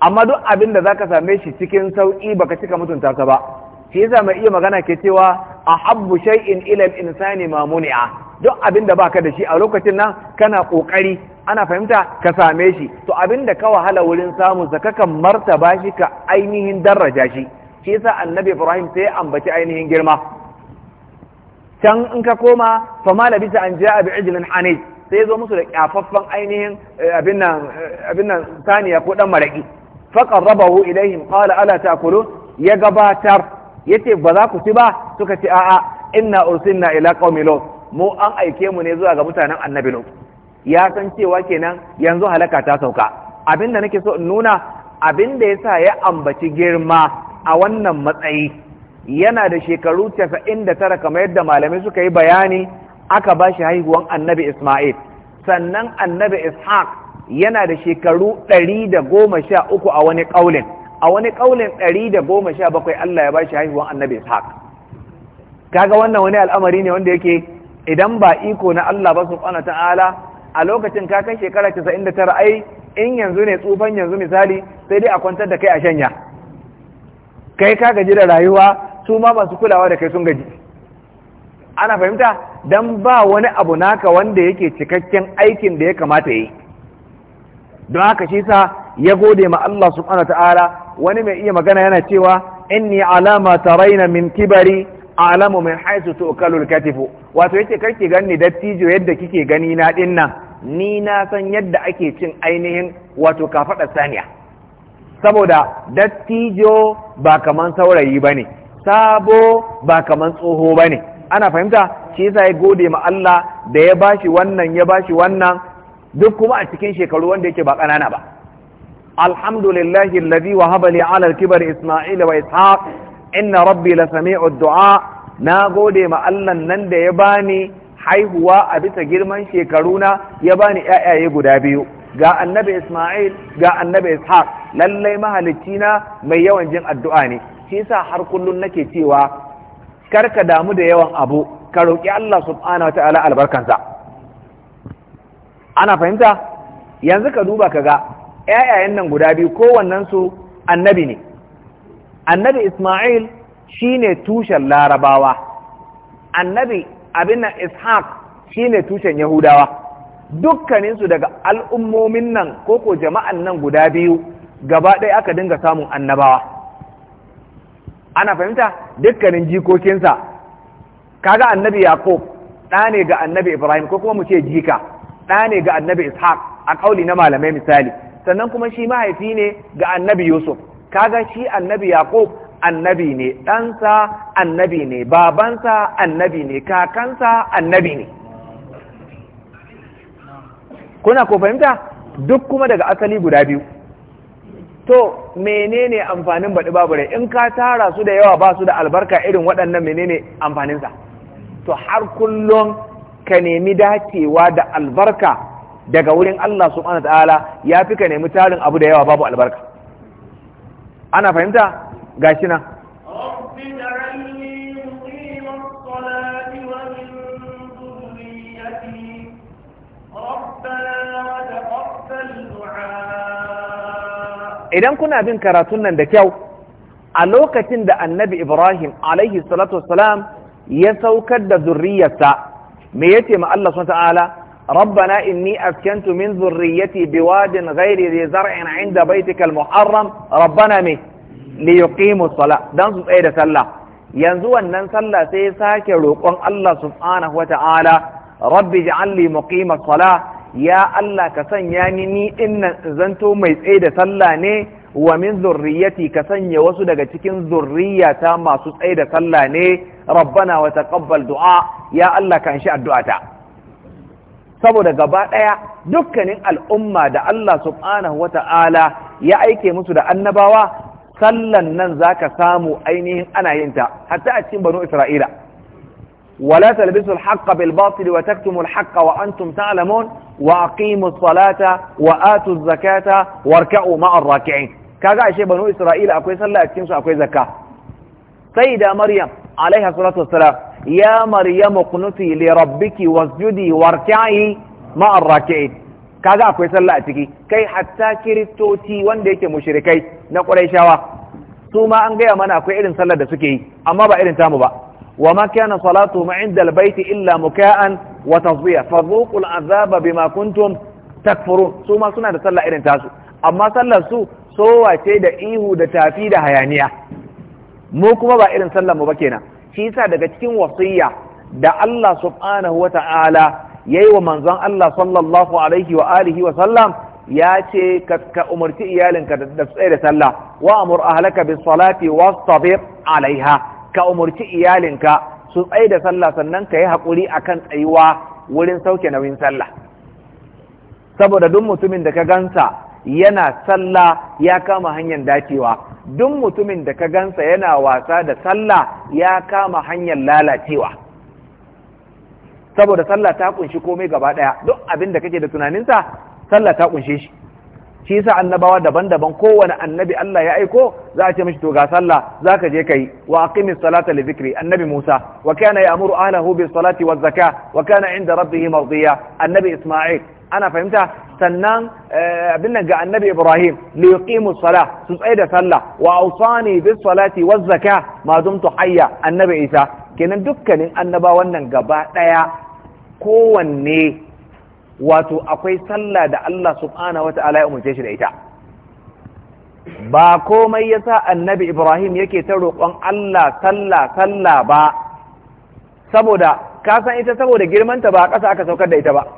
amma duk abin da za ka same shi cikin sauƙi ba baka cika mutunta ka ba shi yasa mai iya magana ke cewa ahabbu shay'in ilal insani ma muni'a duk abin da baka da shi a lokacin nan kana ƙoƙari, ana fahimta ka same shi to abin da ka wahala wurin samun sa kakan martaba shi ka ainihin daraja shi shi yasa annabi ibrahim sai ambaci ainihin girma can in ka koma fa da ta an ja'a bi ijlin hanij sai zo musu da kyafaffan ainihin eh, abin nan eh, abin nan saniya ko dan maraki qarrabahu ilaihim qala ala ta'kulun ya gabatar yace ba za ku ci ba suka ce a'a inna ursilna ila qaumi lut mu an aike mu ne zuwa ga mutanen annabi lut ya san cewa kenan yanzu halaka ta sauka abin da nake so in nuna abin da yasa ya ambaci girma a wannan matsayi yana da shekaru da tara kamar yadda malamai suka yi bayani aka ba shi haihuwan annabi Ismail sannan annabi Ishaq yana da shekaru ɗari da goma sha uku a wani ƙaulin a wani ƙaulin bakwai Allah ya ba shi haihuwan annabi Ishaq kaga wannan wani al'amari ne wanda yake idan ba iko na Allah ba ƙwana ta'ala a lokacin ka kai shekara tara ai in yanzu ne tsufan yanzu misali sai dai a kwantar da kai a shanya kai ka gaji da rayuwa su ma masu kulawa da kai sun gaji ana fahimta don ba wani abu naka wanda yake cikakken aikin da ya kamata yi don haka shi sa ya gode ma Allah subhanahu ta'ala wani mai iya magana yana cewa inni alama taraina min kibari alamu min haisu tu'kalul katifu wato yake karki ganni dattijo yadda kike gani na dinnan ni na san yadda ake cin ainihin wato ka faɗa saniya saboda dattijo ba kaman saurayi ba ne sabo ba kaman tsoho ba ne ana fahimta shi yasa ya gode ma Allah da ya bashi wannan ya bashi wannan duk kuma a cikin shekaru wanda yake ba ƙanana ba alhamdulillah alladhi wahaba li ala al-kibar isma'il wa ishaq inna rabbi la sami'u du'a na gode ma Allah nan da ya bani haihuwa a bisa girman shekaruna ya bani ƴaƴaye guda biyu ga annabi Ismail ga annabi Ishaq lallai mahalicci na mai yawan jin addu'a ne shi yasa har kullun nake cewa kar ka damu da yawan abu ka roƙi Allah subhanahu wataala albarkansa ana fahimta yanzu ka duba ka ga ƴaƴayen nan guda biyu kowannen su annabi ne annabi Ismail shine tushen larabawa annabi abin nan Ishaq shine tushen yahudawa dukkaninsu daga al'ummomin nan ko ko jama'an nan guda biyu gaba ɗaya aka dinga samun annabawa ana fahimta dukkanin jikokinsa kaga annabi yaqub ɗa ne ga annabi ibrahim ko kuma mu ce jika ɗa ne ga annabi ishaq a ƙauli na malamai misali sannan kuma shi mahaifi ne ga annabi yusuf kaga shi annabi yaqub annabi ne ɗansa annabi ne babansa annabi ne kakansa annabi ne kuna ko fahimta duk kuma daga asali guda biyu to menene amfanin baɗi babu in ka tara su da yawa ba su da albarka irin waɗannan menene amfaninsa to har kullum ka nemi dacewa da albarka daga wurin Allah subhanahu ta'ala ya fi ka nemi tarin abu da yawa babu albarka ana fahimta gashi nan idan kuna bin karatun nan da kyau a lokacin da annabi ibrahim alaihi salatu wassalam ya saukar da zurriyarsa me yace ma Allah subhanahu ta'ala rabbana inni askantu min zurriyati biwadin ghairi dhi zar'in 'inda baitikal muharram rabbana me li yuqimu sala dan su tsaye da sallah yanzu wannan sallah sai sake roƙon Allah subhanahu wata'ala rabbi ij'al li muqima sala ya Allah ka sanya ni ni dinnan zanto mai tsaye da sallah ne wa min zurriyati ka sanya wasu daga cikin zurriyata masu tsaye da sallah ne rabbana wa taqabbal du'a ya Allah ka anshi addu'ata saboda gaba daya dukkanin al'umma da Allah subhanahu Ta'ala ya aike musu da annabawa sallan nan zaka samu ainihin ana yin ta hatta a cikin banu isra'ila ولا تلبسوا الحق بالباطل وتكتموا الحق وأنتم تعلمون وأقيموا الصلاة وآتوا الزكاة واركعوا مع الراكعين كاقع شيء بنو إسرائيل أكوي صلى أكتمس أكوي زكاة سيدة مريم عليها الصلاة والسلام يا مريم اقنتي لربك واسجدي واركعي مع الراكعين kaga akwai sallah a ciki kai hatta kiristoci wanda yake mushrikai na ƙurayshawa su ma an gaya mana akwai irin sallar da suke yi amma ba irin tamu ba وما كان صلاتهم عند البيت إلا مكاء وتصبيح فذوقوا العذاب بما كنتم تكفرون سو ما سنة صلى إذن تاسو أما صلى سو سوى تيدا إيهو دا تافي دا هيانية موكما با إذن صلى مبكينا شيسا دا كتكين وصية دا الله سبحانه وتعالى yayi wa manzon Allah sallallahu alaihi wa alihi wa sallam ya ce ka umarci iyalinka da tsaye da sallah wa amur ahlaka bis salati wastabir alaiha ka umarci iyalinka su tsaye da sallah sannan ka yi haƙuri a kan tsayuwa wurin sauke nauyin sallah saboda duk mutumin da ka gansa yana sallah ya kama hanyar dacewa duk mutumin da ka gansa yana wasa da sallah ya kama hanyar lalacewa saboda sallah ta kunshi komai gaba ɗaya duk abin da kake da tunaninsa sallah ta kunshe shi shi annabawa daban-daban kowane annabi Allah ya aiko za a ce mishi to ga sallah za ka je kai wa aqimis salata li annabi Musa wa kana ya'muru ahlahu bis salati waz zakah wa kana 'inda rabbih mardiya annabi Isma'il ana fahimta sannan eh, abin nan ga annabi Ibrahim li yuqimu salah su tsaye da sallah wa awsani bis salati waz zakah ma dumtu hayya annabi Isa kenan dukkanin annabawan nan gaba daya kowanne wato akwai sallah da Allah subhanahu wata'ala ya umarce shi da ita ba komai yasa annabi Ibrahim yake ta roƙon Allah sallah sallah ba saboda ka san ita saboda girmanta ba ƙasa aka saukar da ita ba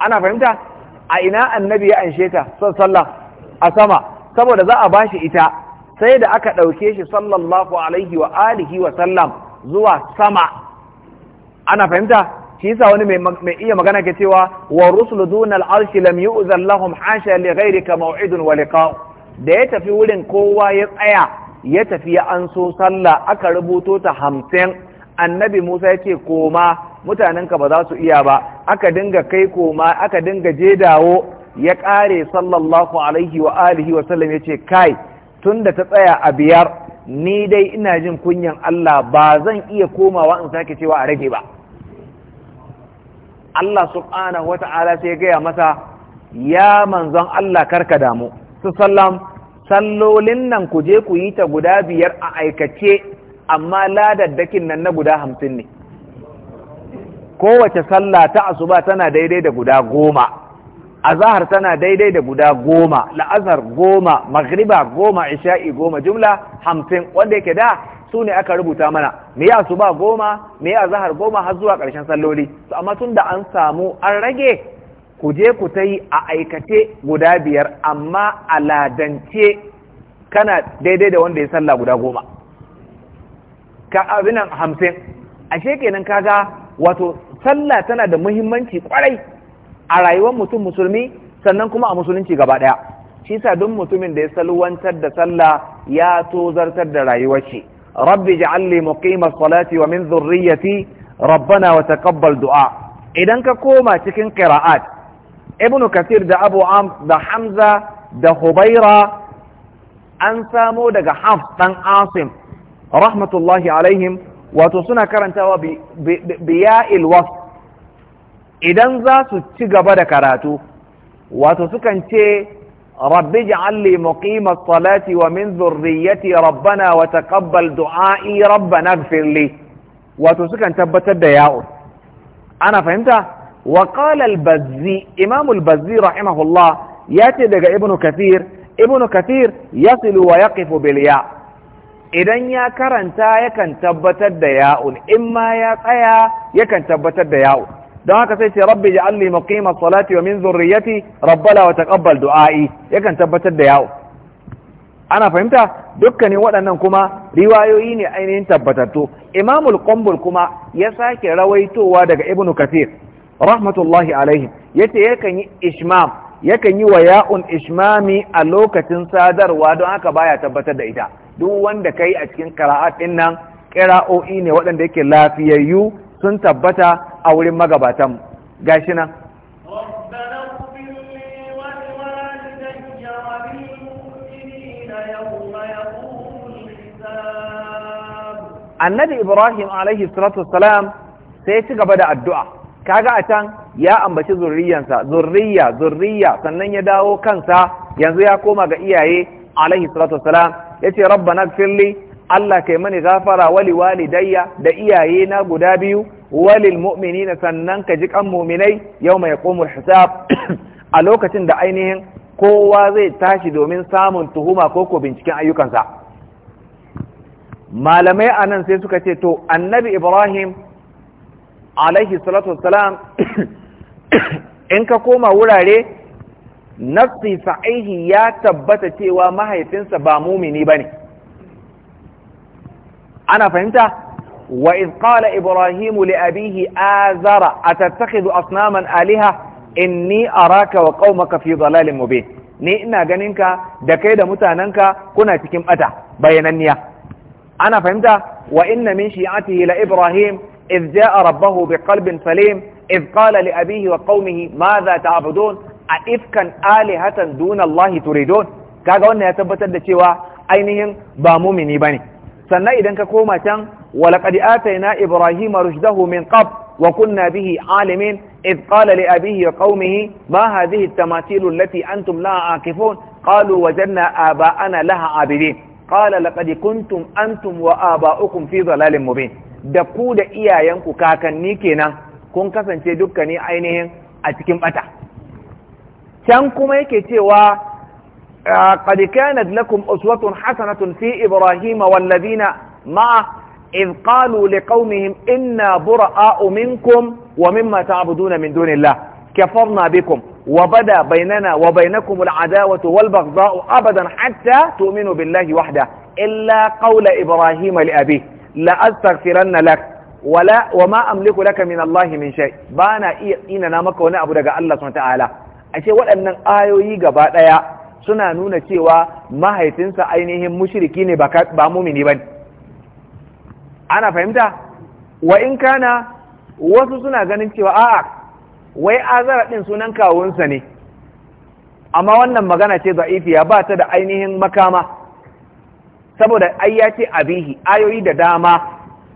ana fahimta a ina annabi ya anshe ta sallah a sama saboda za a bashi ita sai da aka ɗauke shi sallallahu alaihi wa alihi wa sallam zuwa sama ana fahimta shi yasa wani mai iya magana ke cewa wa rusul dunal arshi lam yu'zan lahum hasha li ka maw'idun wa liqa da ya tafi wurin kowa ya tsaya ya tafi ya anso sallah aka rubuto ta hamsin annabi Musa ya ce koma mutanenka ba za su iya ba aka dinga kai koma aka dinga je dawo ya kare sallallahu alaihi wa alihi wa sallam yace kai tunda ta tsaya a biyar ni dai ina jin kunyan Allah ba zan iya komawa in sake cewa a rage ba Allah subhanahu wata'ala sai gaya masa ya manzon Allah karka damu su sallam sallolin nan ku je ku yi ta guda biyar a aikace amma ladaddakin nan na guda hamsin ne kowace sallah ta asuba tana daidai da guda goma azahar tana daidai da guda goma la'azar goma magriba goma isha'i goma jumla hamsin wanda yake da su ne aka rubuta mana me ya su ba goma me ya zahar goma har zuwa ƙarshen salloli to amma tun da an samu an rage ku je ku ta yi a aikace guda biyar amma aladance kana daidai da wanda ya salla guda goma ka abinan hamsin ashe kenan kaga wato sallah tana da muhimmanci kwarai a rayuwar mutum musulmi sannan kuma a musulunci gaba ɗaya shi sa duk mutumin da ya salwantar da sallah ya tozartar da rayuwar shi rabbi ja'alli muqimas salati wa min zurriyyati rabbana wa taqabbal du'a idan ka koma cikin kiraat, ibn kathir da abu am da hamza da hubaira an samo daga hafs dan asim rahmatullahi alaihim wato suna karantawa biya'il wasf idan za su ci gaba da karatu wato sukan ce رب اجعل لي مقيم الصلاة ومن ذريتي ربنا وتقبل دعائي ربنا اغفر لي ان تبت ياؤر أنا فهمتها وقال البزي إمام البزي رحمه الله يأتي دقى ابن كثير ابن كثير يصل ويقف بالياء idan ya karanta yakan tabbatar da ya'un in ma ya tsaya yakan tabbatar da ya'un don haka sai ce rabbi ja'alni muqima salati wa min zurriyyati rabbana wa taqabbal du'a'i yakan tabbatar da yawo ana fahimta dukkanin waɗannan kuma riwayoyi ne ainihin tabbatattu imamul qumbul kuma ya sake rawaitowa daga ibnu kathir rahmatullahi alaihi yace yakan yi ishmam yakan yi wa ya'un ishmami a lokacin sadarwa don haka baya tabbatar da ita duk wanda kai a cikin qira'at ɗinnan, nan qira'o'i ne waɗanda yake lafiyayyu sun tabbata a wurin magabatan gashi nan annabi ibrahim alaihi salatu wassalam sai ci gaba da addu'a kaga a can ya ambaci zurriyansa zurriya zurriya sannan ya dawo kansa yanzu ya koma ga iyaye alaihi salatu wassalam yace rabbana gfirli Allah kai mani gafara wali walidayya da iyaye na guda biyu walil mu'minina sannan ka ji kan mu'minai yau mai qumul hisab (clears throat) a lokacin da ainihin kowa zai tashi domin samun tuhuma ko ko binciken ayyukansa malamai anan sai suka ce to annabi ibrahim alaihi salatu wassalam (clears throat) in ka koma wurare nafsi sa'ihi ya tabbata cewa mahaifinsa ba mumini bane ana fahimta wa iz qala ibrahimu li abihi azara atattakhidhu asnaman aliha inni araka wa qaumaka fi dalalin mubin ni ina ganinka da kai da ka kuna cikin bata bayananniya ana fahimta wa inna min shi'atihi la ibrahim إذ جاء ربه بقلب سليم إذ قال لأبيه وقومه ماذا تعبدون أئفكا آلهة دون الله تريدون كذا أن يتبتد شوى أينهم بامومني بني sannan idan ka koma can walaqad atayna ibrahima rushdahu min qab wa kunna bihi alimin id qala li abihi wa qaumihi ma hadhihi at-tamathil allati antum laha akifun qalu wajadna aba'ana laha abidin qala laqad kuntum antum wa aba'ukum fi dhalalin mubin da ku da iyayenku kakanni kenan kun kasance dukkani ainihin a cikin bata can kuma yake cewa آه، قد كانت لكم أسوة حسنة في إبراهيم والذين معه إذ قالوا لقومهم إنا براء منكم ومما تعبدون من دون الله كفرنا بكم وبدا بيننا وبينكم العداوة والبغضاء أبدا حتى تؤمنوا بالله وحده إلا قول إبراهيم لأبيه لأستغفرن لك ولا وما أملك لك من الله من شيء بانا إينا نامك ونأبو لك الله سبحانه وتعالى أشياء وأن آيوي قبات suna nuna cewa mahaifinsa ainihin mushiriki ne ba mumini ba ana fahimta wa in kana wasu suna ganin cewa a'a wai azara din sunan kawunsa ne amma wannan magana ce za'ifiya ba ta da ainihin makama saboda ai ya ce abihi ayoyi da dama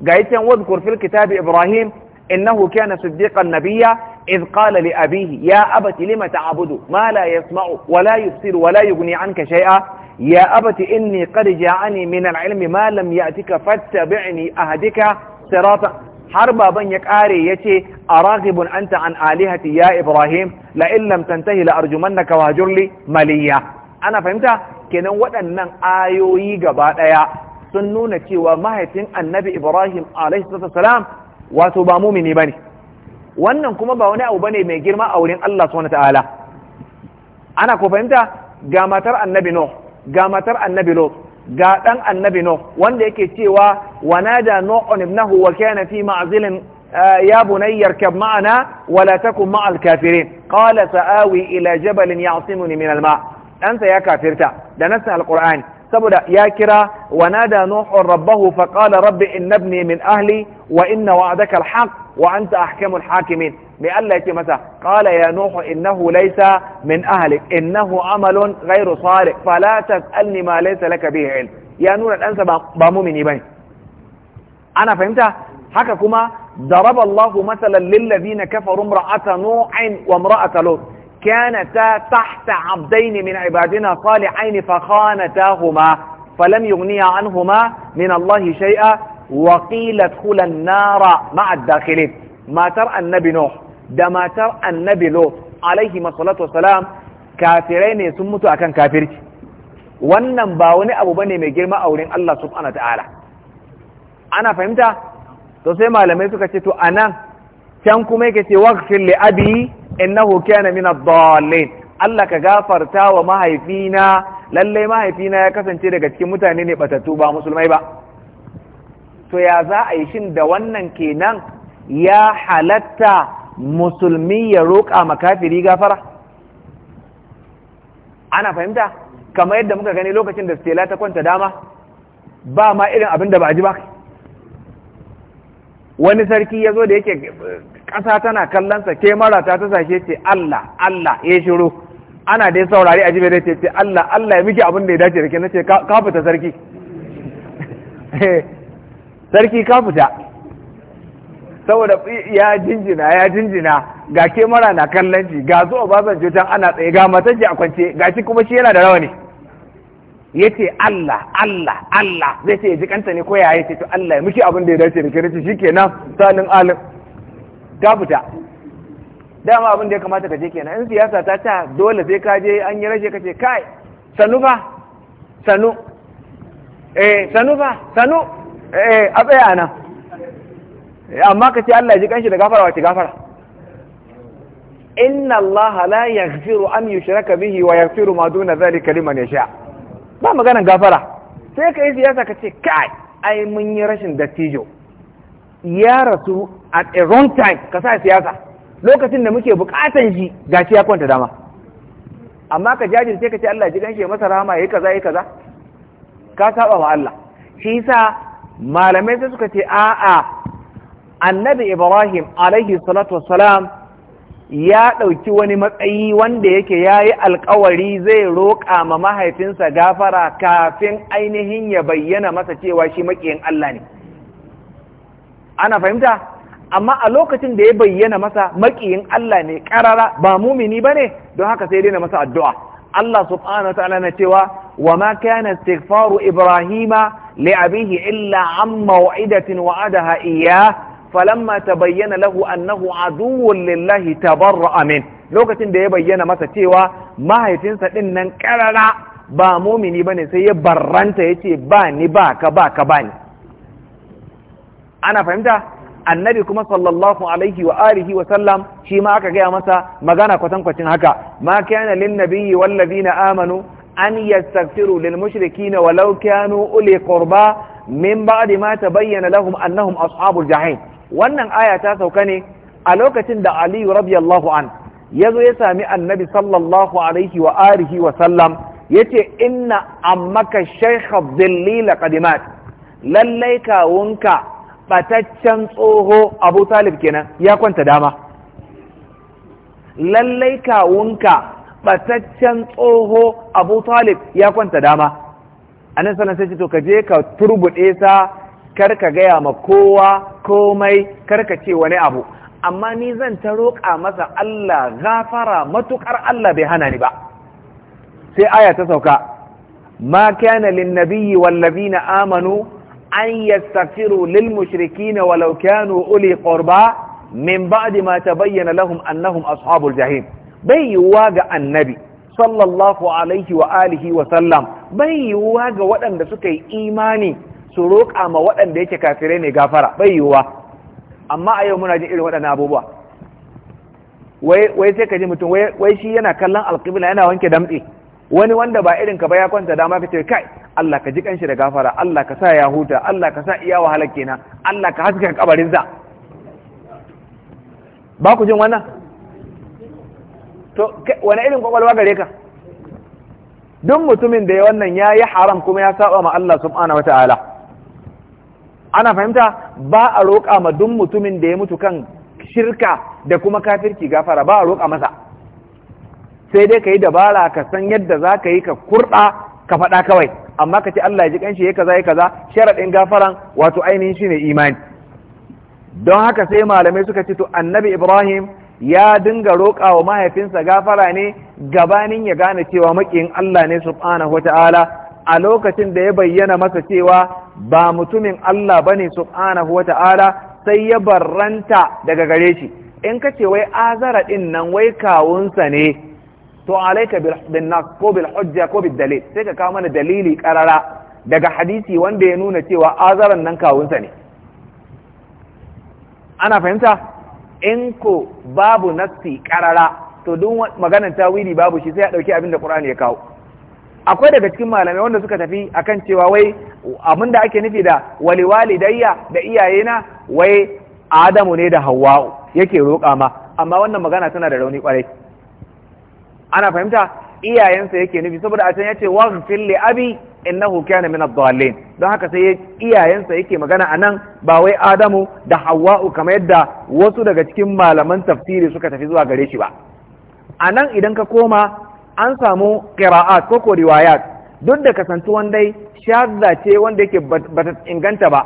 ga can wadda kurfil kitabi ibrahim innahu kana siddiqan Nabiya? إذ قال لأبيه يا أبت لم تعبد ما لا يسمع ولا يبصر ولا يغني عنك شيئا يا أبت إني قد جاءني من العلم ما لم يأتك فاتبعني أهدك صراطا har baban ya kare ya ce a ragibun anta an alihati ya ibrahim la illam tantahi la arjumannaka wahjurli maliya ana fahimta kenan waɗannan ayoyi gaba ɗaya sun nuna cewa mahaifin annabi ibrahim alaihi wato ba mumini bane wannan kuma ba wani abu bane mai girma a wurin Allah subhanahu ta'ala ana ko fahimta ga matar annabi no ga matar annabi lot ga dan annabi nuh wanda yake cewa wanada nu'un ibnahu wa kana fi ma'zilin eh, ya bunayya irkab ma'ana wa la takun ma'al kafirin qala sa'awi ila jabalin ya'simuni min al-ma' dan sa ya kafirta da nasan alqur'ani saboda ya kira wa nada nuhun rabbahu fa qala rabbi inna ibni min ahli wa inna wa'adaka alhaq wa anta ahkamul hakimin me Allah yake masa qala ya nuhu innahu laysa min ahlik innahu amalun ghairu salih fala tas'alni ma laysa laka bihi ilm ya nuna ɗansa ba mumini bane ana fahimta haka kuma daraba Allahu masalan lil ladina kafaru imra'ata nu'in wa imra'ata lut كانتا تحت عبدين من عبادنا صالحين فخانتاهما فلم يغنيا عنهما من الله شيئا وقيل ادخل النار مع الداخلين ما ترى النبي نوح ده ما ترى النبي لوط عليهما الصلاة والسلام كافرين يسمتوا أكان كافرين wannan ba ابو بني bane mai girma a wurin Allah subhanahu ta'ala ana fahimta to sai malamai suka ce to anan can kuma yake innahu kana min ad-dallin Allah ka gafarta wa mahaifina lalle mahaifina ya kasance daga cikin mutane ne batattu ba musulmai ba to ya za a yi shin da wannan kenan ya halatta musulmi ya roƙa makafiri gafara ana fahimta kamar yadda muka gani lokacin da stela ta kwanta dama ba ma irin abinda da ba a ji ba wani sarki ya zo da yake ƙasa tana kallonsa ke marata ta sake ce Allah Allah ya shiru ana dai saurari a jibirai da ce Allah Allah ya miki abin da ya dace da ke na ce ka fita sarki (laughs) sarki ka fita saboda ya jinjina ya jinjina ga ke mara na kallon shi ga zuwa basan cutan ana tsaye ga matan ji a kwance ga shi kuma shi yana da ne ya ce Allah Allah Allah zai ce ya ji kanta ne ko ya ce to Allah ya miki abin da ya dace da ke na ce shi kenan salin alin ka fita dama abin da ya kamata ka je kenan in siyasa ta ta dole sai ka je an yi rashe ka ce kai sanu fa sanu eh sanu fa sanu eh a tsaya nan eh, amma ka ce Allah ya ji kanshi da gafara wace gafara inna Allah la yaghfiru an yushraka bihi wa yaghfiru ma duna zalika liman yasha ba maganan gafara sai ka yi siyasa ka ce kai ai mun yi rashin dattijo ya rasu at a wrong time ka sa siyasa lokacin da muke bukatan shi shi ya kwanta dama amma ka jajirce ka ce Allah ji ganshi masa rahama yayi kaza yayi kaza ka saba wa Allah shi yasa malamai sai suka ce a'a annabi Ibrahim alaihi salatu wassalam ya ɗauki wani matsayi wanda yake ya yi alkawari zai roƙa ma mahaifinsa gafara kafin ainihin ya bayyana masa cewa shi maƙiyin Allah ne. ana fahimta amma a lokacin da ya bayyana masa makiyin Allah ne karara ba mumini bane don haka sai daina masa addu'a Allah subhanahu wataala na cewa wa ma kana istighfaru ibrahima li abihi illa an maw'idatin wa'adaha iyyah falamma tabayyana lahu annahu aduwwun lillahi tabarra'a min lokacin da ya bayyana masa cewa mahaifinsa din nan karara ba mumini bane sai ya barranta yace ba ni ba ka ba ka ba ni ana fahimta annabi kuma sallallahu alaihi wa alihi wa sallam shi ma aka gaya masa magana kwatankwacin haka ma kana lin nabiyyi wal ladina amanu an yastaghfiru lil mushrikina walau kanu uli qurba min ba'di ma tabayyana lahum annahum ashabul jahim wannan aya ta sauka ne a lokacin da Ali radiyallahu an yazo ya sami annabi sallallahu alaihi wa alihi wa sallam yace inna ammaka shaykh dhillil qadimat lallai kawunka ɓataccen tsoho abu talib kenan ya kwanta dama lallai kawunka ɓataccen tsoho abu talib ya kwanta dama a nan sanar sai ce to ka je ka turbuɗe sa kar ka gaya ma kowa komai kar ka ce wani abu amma ni zan ta roƙa masa Allah gafara matuƙar Allah bai hana ni ba sai aya ta sauka ma kana lin nabiyyi na amanu an yastaghfiru lil mushrikina walau kanu uli qurba min ba'di ma tabayyana lahum annahum ashabul jahim bai yiwuwa ga annabi sallallahu alaihi wa alihi wa sallam bai yiwuwa ga waɗanda suka yi imani su roƙa ma waɗanda yake kafirai ne gafara bai yiwuwa amma a yau muna jin irin waɗannan abubuwa wai sai ka ji mutum wai shi yana kallon alƙibla yana wanke damtse wani wanda ba irin ka ba ya kwanta dama ka ce kai Allah ka ji kanshi da gafara Allah ka sa ya huta Allah ka sa iya wahalar kenan Allah ka haska kabarin ba ku jin wannan to wani irin kwakwalwa gare ka duk mutumin da ya wannan ya yi haram kuma ya saba ma Allah subhanahu wa ta'ala ana fahimta ba a roƙa ma duk mutumin da ya mutu kan shirka da kuma kafirki gafara ba a roƙa masa sai dai ka yi dabara ka san yadda za ka yi ka kurɗa ka faɗa kawai amma ka ce Allah ya ji kanshi ya kaza ya kaza sharaɗin gafaran wato ainihin shine imani don haka sai malamai suka ce to annabi Ibrahim ya dinga roƙa wa mahaifinsa gafara ne gabanin ya gane cewa maƙiyin Allah ne subhanahu wata'ala a lokacin da ya bayyana masa cewa ba mutumin Allah bane subhanahu wata'ala sai ya barranta daga gare shi in ka ce wai azara ɗin nan wai kawunsa ne to alaika bin nas ko bil hujja ko bil dalil sai ka kawo mana dalili karara daga hadisi wanda ya nuna cewa azaran nan kawunsa ne ana fahimta in ko babu nassi karara to duk maganar tawili babu shi sai a dauki abin da qur'ani ya kawo akwai daga cikin malamai wanda suka tafi akan cewa wai abin da ake nufi da wali walidayya da iyayena wai adamu ne da hawwa yake roƙa ma amma wannan magana tana da rauni kwarai ana fahimta iyayensa yake nufi saboda a can ya ce, waghfir Fili, abi innahu hukiya na ad-dallin don haka sai iyayensa yake magana a nan, ba wai Adamu da hawa'u kamar yadda wasu daga cikin malaman tafsiri suka tafi zuwa gare shi ba A nan, idan ka koma an samu qira'at ko ko riwayat duk da kasantuwan wanda shadda ce wanda yake bata inganta ba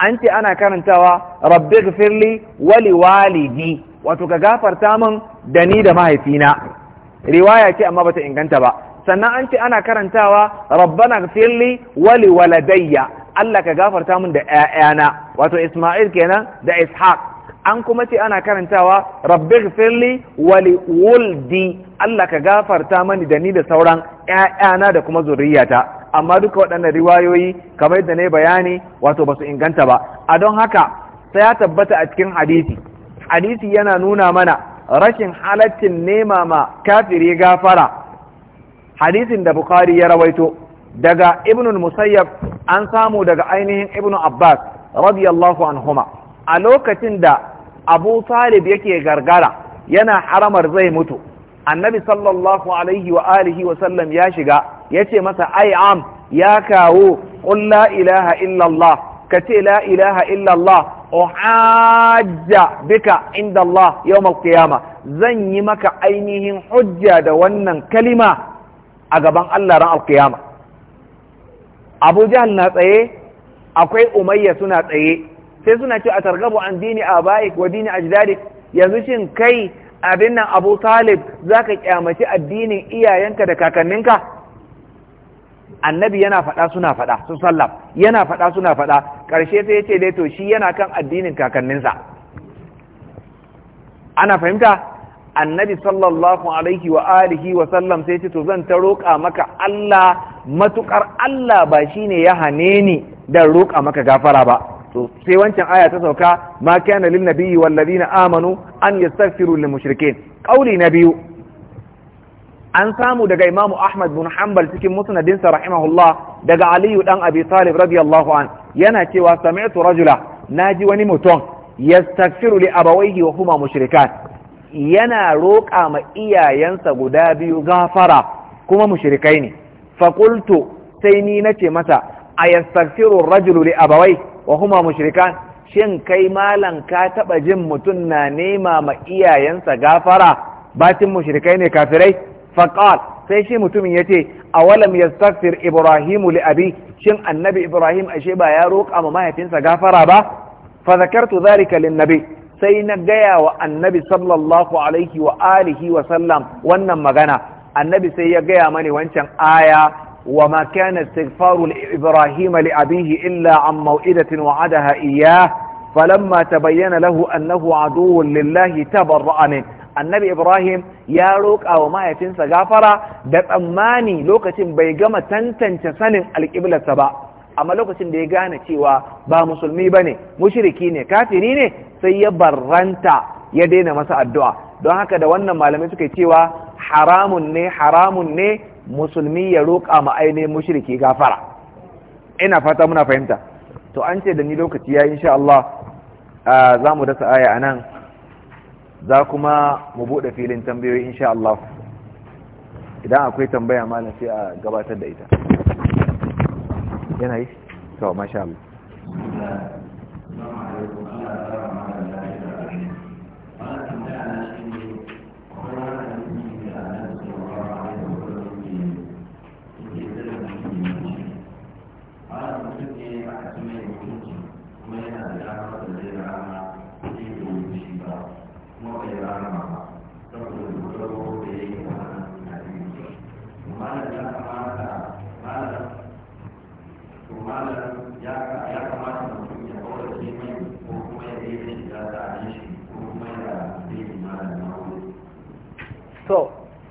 an ce ana karantawa rabbi gfirli wali walidi wato ka gafarta min da ni da mahaifina riwaya ce amma bata inganta ba sannan an ce ana karantawa rabbana gfirli wali waladayya Allah ka gafarta min da ƴaƴana wato Isma'il kenan da Ishaq an kuma ce ana karantawa rabbi gfirli wali wuldi Allah ka gafarta mani da ni da sauran ƴaƴana da kuma zuriyata amma duka waɗannan riwayoyi kamar da na bayani wato basu inganta ba a don haka sai ya tabbata a cikin hadisi hadisi yana nuna mana rashin halattin nema ma kafiri gafara hadisin da bukhari ya rawaito daga ibn musayyab an samu daga ainihin ibn abbas radiyallahu anhuma a lokacin da abu talib yake gargara yana haramar zai mutu annabi sallallahu alaihi wa alihi wa sallam ya shiga ya ce masa ai am ya kawo qul la ilaha illallah ka ce la ilaha illallah uhajja bika inda Allah yawmal qiyama zan yi maka ainihin hujja da wannan kalima a gaban Allah ran alqiyama Abu Jahl na tsaye akwai Umayya suna tsaye sai suna ce a targabu an dini abaik wa dini ajdadik yanzu shin kai abin nan Abu Talib zaka kyamaci addinin iyayenka da kakanninka annabi yana faɗa suna faɗa sun sallam yana faɗa suna faɗa ƙarshe sai yace dai to shi yana kan addinin kakanninsa ana fahimta annabi sallallahu alaihi wa alihi wa sallam sai ce to zan ta roƙa maka Allah matukar Allah ba shine ya hane ni da roƙa maka gafara ba to sai wancan aya ta sauka ma kana lin nabiyyi wal ladina amanu an yastaghfiru lil mushrikeen qauli na biyu an samu daga imamu ahmad bin hanbal cikin musnadinsa rahimahullah daga aliyu dan abi talib radiyallahu an yana cewa sami'tu rajula naji wani mutum yastaghfiru li abawayhi wa huma mushrikan yana roƙa ma iyayensa guda biyu gafara kuma mushrikai ne fakultu sai ni nace masa a yastafiru rajulu li abawai wa huma mushrikan shin kai malan ka taba jin mutum na nema ma iyayensa gafara batin mushrikai ne kafirai faqal sai shi mutumin ya yace awalam yastaghfir ibrahim li abi shin annabi ibrahim ashe ba ya roƙa ma mahaifinsa gafara ba fa zakartu dhalika lin sai na gaya wa annabi sallallahu alaihi wa alihi wa sallam wannan magana annabi sai ya gaya mani wancan aya Wa وما كان Ibrahim إبراهيم لأبيه Illa عن موئدة وعدها إياه فلما تبين lahu annahu عدو lillahi تبرأ منه Annabi Ibrahim. ya roƙa wa mahaifinsa gafara da tsammani lokacin bai gama tantance sanin alƙiblarsa ba amma lokacin da ya gane cewa ba musulmi ba ne mushiriki ne kafiri ne sai ya barranta ya daina masa addu'a don haka da wannan malamai suka cewa haramun ne haramun ne musulmi ya roƙa ma ainihin mushiriki gafara ina fata muna fahimta to an ce da ni lokaci ya insha Allah za mu dasa aya a nan za kuma mu buɗe filin tambayoyi insha Allah idan akwai tambaya malam sai a gabatar da ita yana yi to masha Allah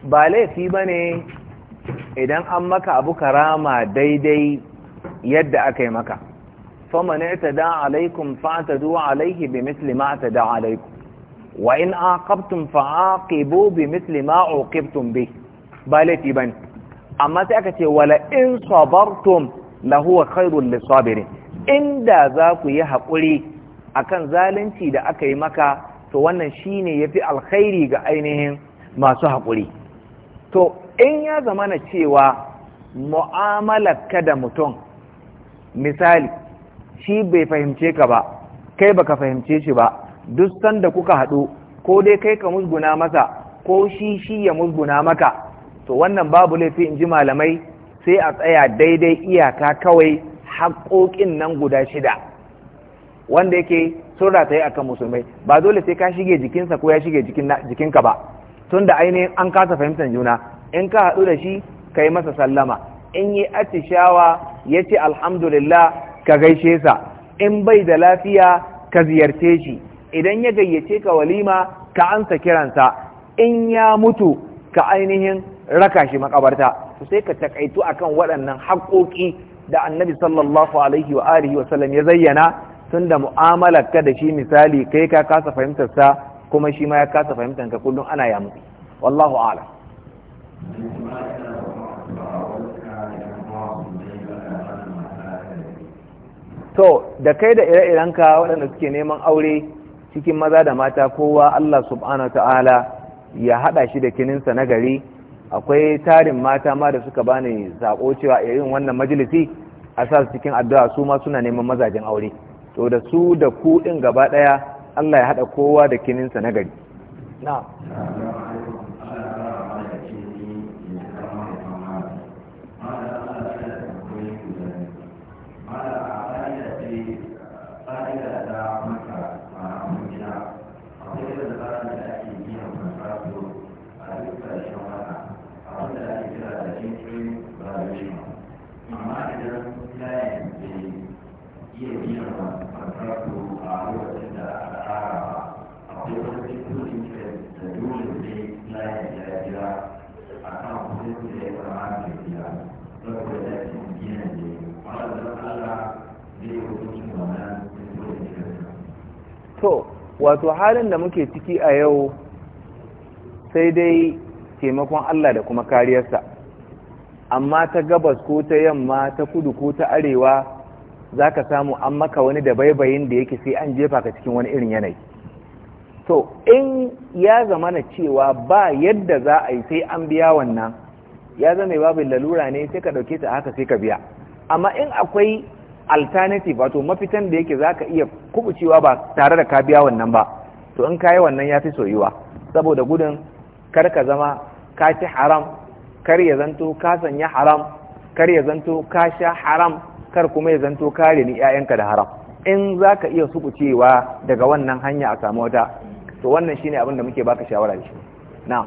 ba laifi ba ne idan an maka abu karama daidai yadda aka yi maka faman i'tada fata fa'tadu alaihi bimithli ta i'tada alaikum wa in aqabtum fa'aqibu bimithli ma uqibtum bi? ba laifi ba ne amma sai aka ce wala in sabartum lahuwa khairul lisabirin inda za ku yi haƙuri akan zalunci da aka yi maka to wannan shine yafi alkhairi ga ainihin masu haƙuri to in ya zamana cewa ka da mutum misali shi bai fahimce ka ba kai baka fahimce shi ba duk sanda kuka haɗu ko dai kai ka musguna masa ko shi shi ya musguna maka to wannan babu laifi in ji malamai sai a tsaya daidai iyaka kawai haƙoƙin nan guda shida wanda yake sun rataye akan musulmai ba dole sai ka shige jikinsa ko ya shige jikinka ba tun da ainihin an kasa fahimtar juna in ka haɗu da shi ka yi masa sallama in yi atishawa ya ce alhamdulillah ka gaishe sa in bai da lafiya ka ziyarce shi idan ya gayyace ka walima ka ansa kiransa in ya mutu ka ainihin raka shi makabarta su sai ka takaitu akan waɗannan haƙoƙi da annabi sallallahu alaihi wa alihi wa sallam ya zayyana tunda mu'amalar ka da shi misali kai ka kasa fahimtarsa. kuma shi ma ya kasa fahimtar ka kullum ana ya mutu wallahu a'lam to da kai da ire iren ka waɗanda suke neman aure cikin maza da mata kowa Allah subhanahu ta'ala ya haɗa shi da kininsa na gari akwai tarin mata ma da suka bani zaɓo cewa irin eh, wannan majalisi a sa cikin addu'a su ma suna neman mazajen aure to da su da ku ɗin gaba ɗaya Allah ya haɗa kowa da kininsa na gari wato halin da muke ciki a yau sai dai taimakon Allah da kuma kariyarsa amma ta gabas ko ta yamma ta kudu ko ta arewa za ka samu an maka wani da baibayin da yake sai an jefa ka cikin wani irin yanayi to in ya zama na cewa ba yadda za a yi sai an biya wannan ya zama babu lalura ne sai ka ɗauke ta haka sai ka biya amma in akwai alternative wato mafitan da yake zaka iya kubucewa ba tare da ka biya wannan ba to in yi wannan ya fi soyuwa saboda gudun kar ka zama ka ci haram kar ya zanto ka sanya haram kar ya zanto ka sha haram kar kuma ya zanto ka reni ƴaƴanka da haram in zaka iya kubucewa daga wannan hanya a samu wata to wannan shine abin da muke baka shawara da shi na'am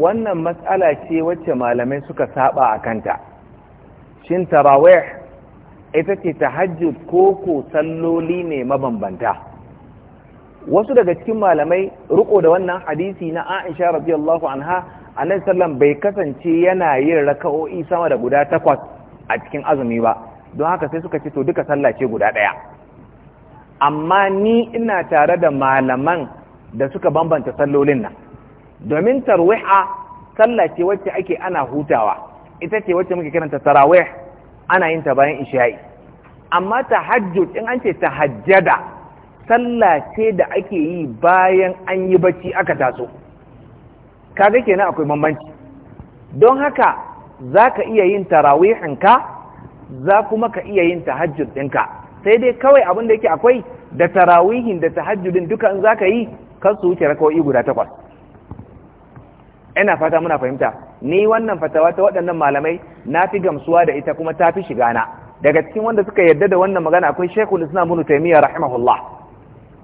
wannan matsala ce wacce malamai suka saba a kanta shin tarawih ita ce tahajjud ko ko salloli ne mabambanta wasu daga cikin malamai ruko da wannan hadisi na Aisha radiyallahu anha annabi sallam bai kasance yana yin raka'o'i sama da guda takwas a cikin azumi ba don haka sai suka ce to duka sallah ce guda daya amma ni ina tare da malaman da suka bambanta sallolin nan domin tarwiha sallah ce wacce ake ana hutawa ita ce wacce muke kiranta tarawih ana yin ta bayan isha'i amma tahajjud in an ce tahajjada sallah ce da ake yi bayan an yi bacci aka taso kaga kenan akwai bambanci don haka za ka iya yin tarawihinka za kuma ka iya yin tahajjud ɗinka sai dai kawai abin da yake akwai da tarawihin da tahajjudin duka in za ka yi kan su wuce rakawa'i guda takwas ina fata muna fahimta ni wannan fatawa ta waɗannan malamai na fi gamsuwa da ita kuma ta fi shiga na daga cikin wanda suka yarda da wannan magana akwai shekul islam munu taimiyya rahimahullah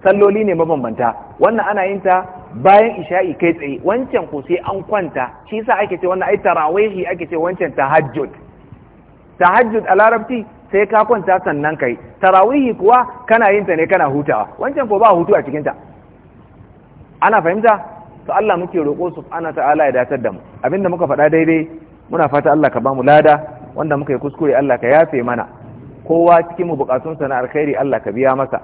salloli ne mabambanta wannan ana yin ta bayan isha'i kai tsaye wancan ko sai an kwanta shi yasa ake ce wannan ai tarawihi ake ce wancan tahajjud tahajjud a larabci sai ka kwanta sannan kai tarawihi kuwa kana yin ta ne kana hutawa wancan ko ba hutu a cikin ta ana fahimta to Allah muke roƙo subhanahu ta'ala ya datar da mu abinda muka faɗa daidai muna fata Allah ka bamu lada wanda muka yi kuskure Allah ka yafe mana kowa cikin mu bukatun sa na alkhairi Allah ka biya masa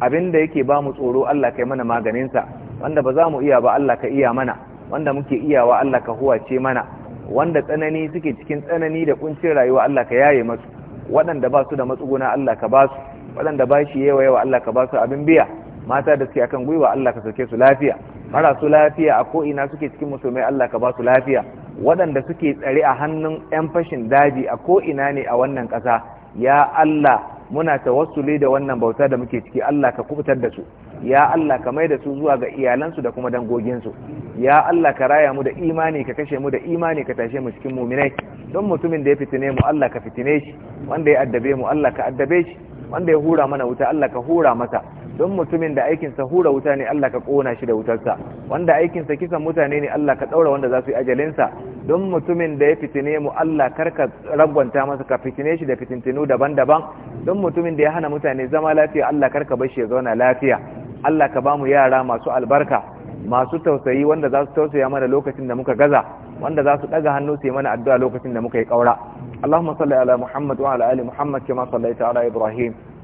abinda yake bamu tsoro Allah ka yi mana maganin sa wanda ba za mu iya ba Allah ka iya mana wanda muke iyawa Allah ka huwace mana wanda tsanani suke cikin tsanani da kuncin rayuwa Allah ka yaye masu waɗanda ba su da matsuguna Allah ka ba su waɗanda ba shi yawa yawa Allah ka ba su abin biya mata da suke akan gwiwa Allah ka sauke su lafiya marasu lafiya a ko'ina suke cikin musulmai Allah ka ba su lafiya waɗanda suke tsare a hannun 'yan fashin daji a ko'ina ne a wannan ƙasa ya Allah muna tawassuli da wannan bauta da muke ciki Allah ka kubutar da su ya Allah ka mai da su zuwa ga iyalansu da kuma dangoginsu ya Allah ka raya mu da imani ka kashe mu da imani ka tashe mu cikin muminai don mutumin da ya fitine mu Allah ka fitine shi wanda ya addabe mu Allah ka addabe shi wanda ya hura mana wuta Allah ka hura masa don mutumin da aikinsa hura wuta ne Allah ka kona shi da wutarsa wanda aikinsa kisan mutane ne Allah ka daura wanda za su yi ajalinsa don mutumin da ya fitine mu Allah karka ragwanta masa ka fitine shi da fitintinu daban-daban don mutumin da ya hana mutane zama lafiya Allah karka bar shi ya zauna lafiya Allah ka bamu yara masu albarka masu tausayi wanda za su tausaya mana lokacin da muka gaza wanda za su daga hannu su yi mana addu'a lokacin da muka yi kaura Allahumma salli ala Muhammad wa ala ali Muhammad kama sallaita ala Ibrahim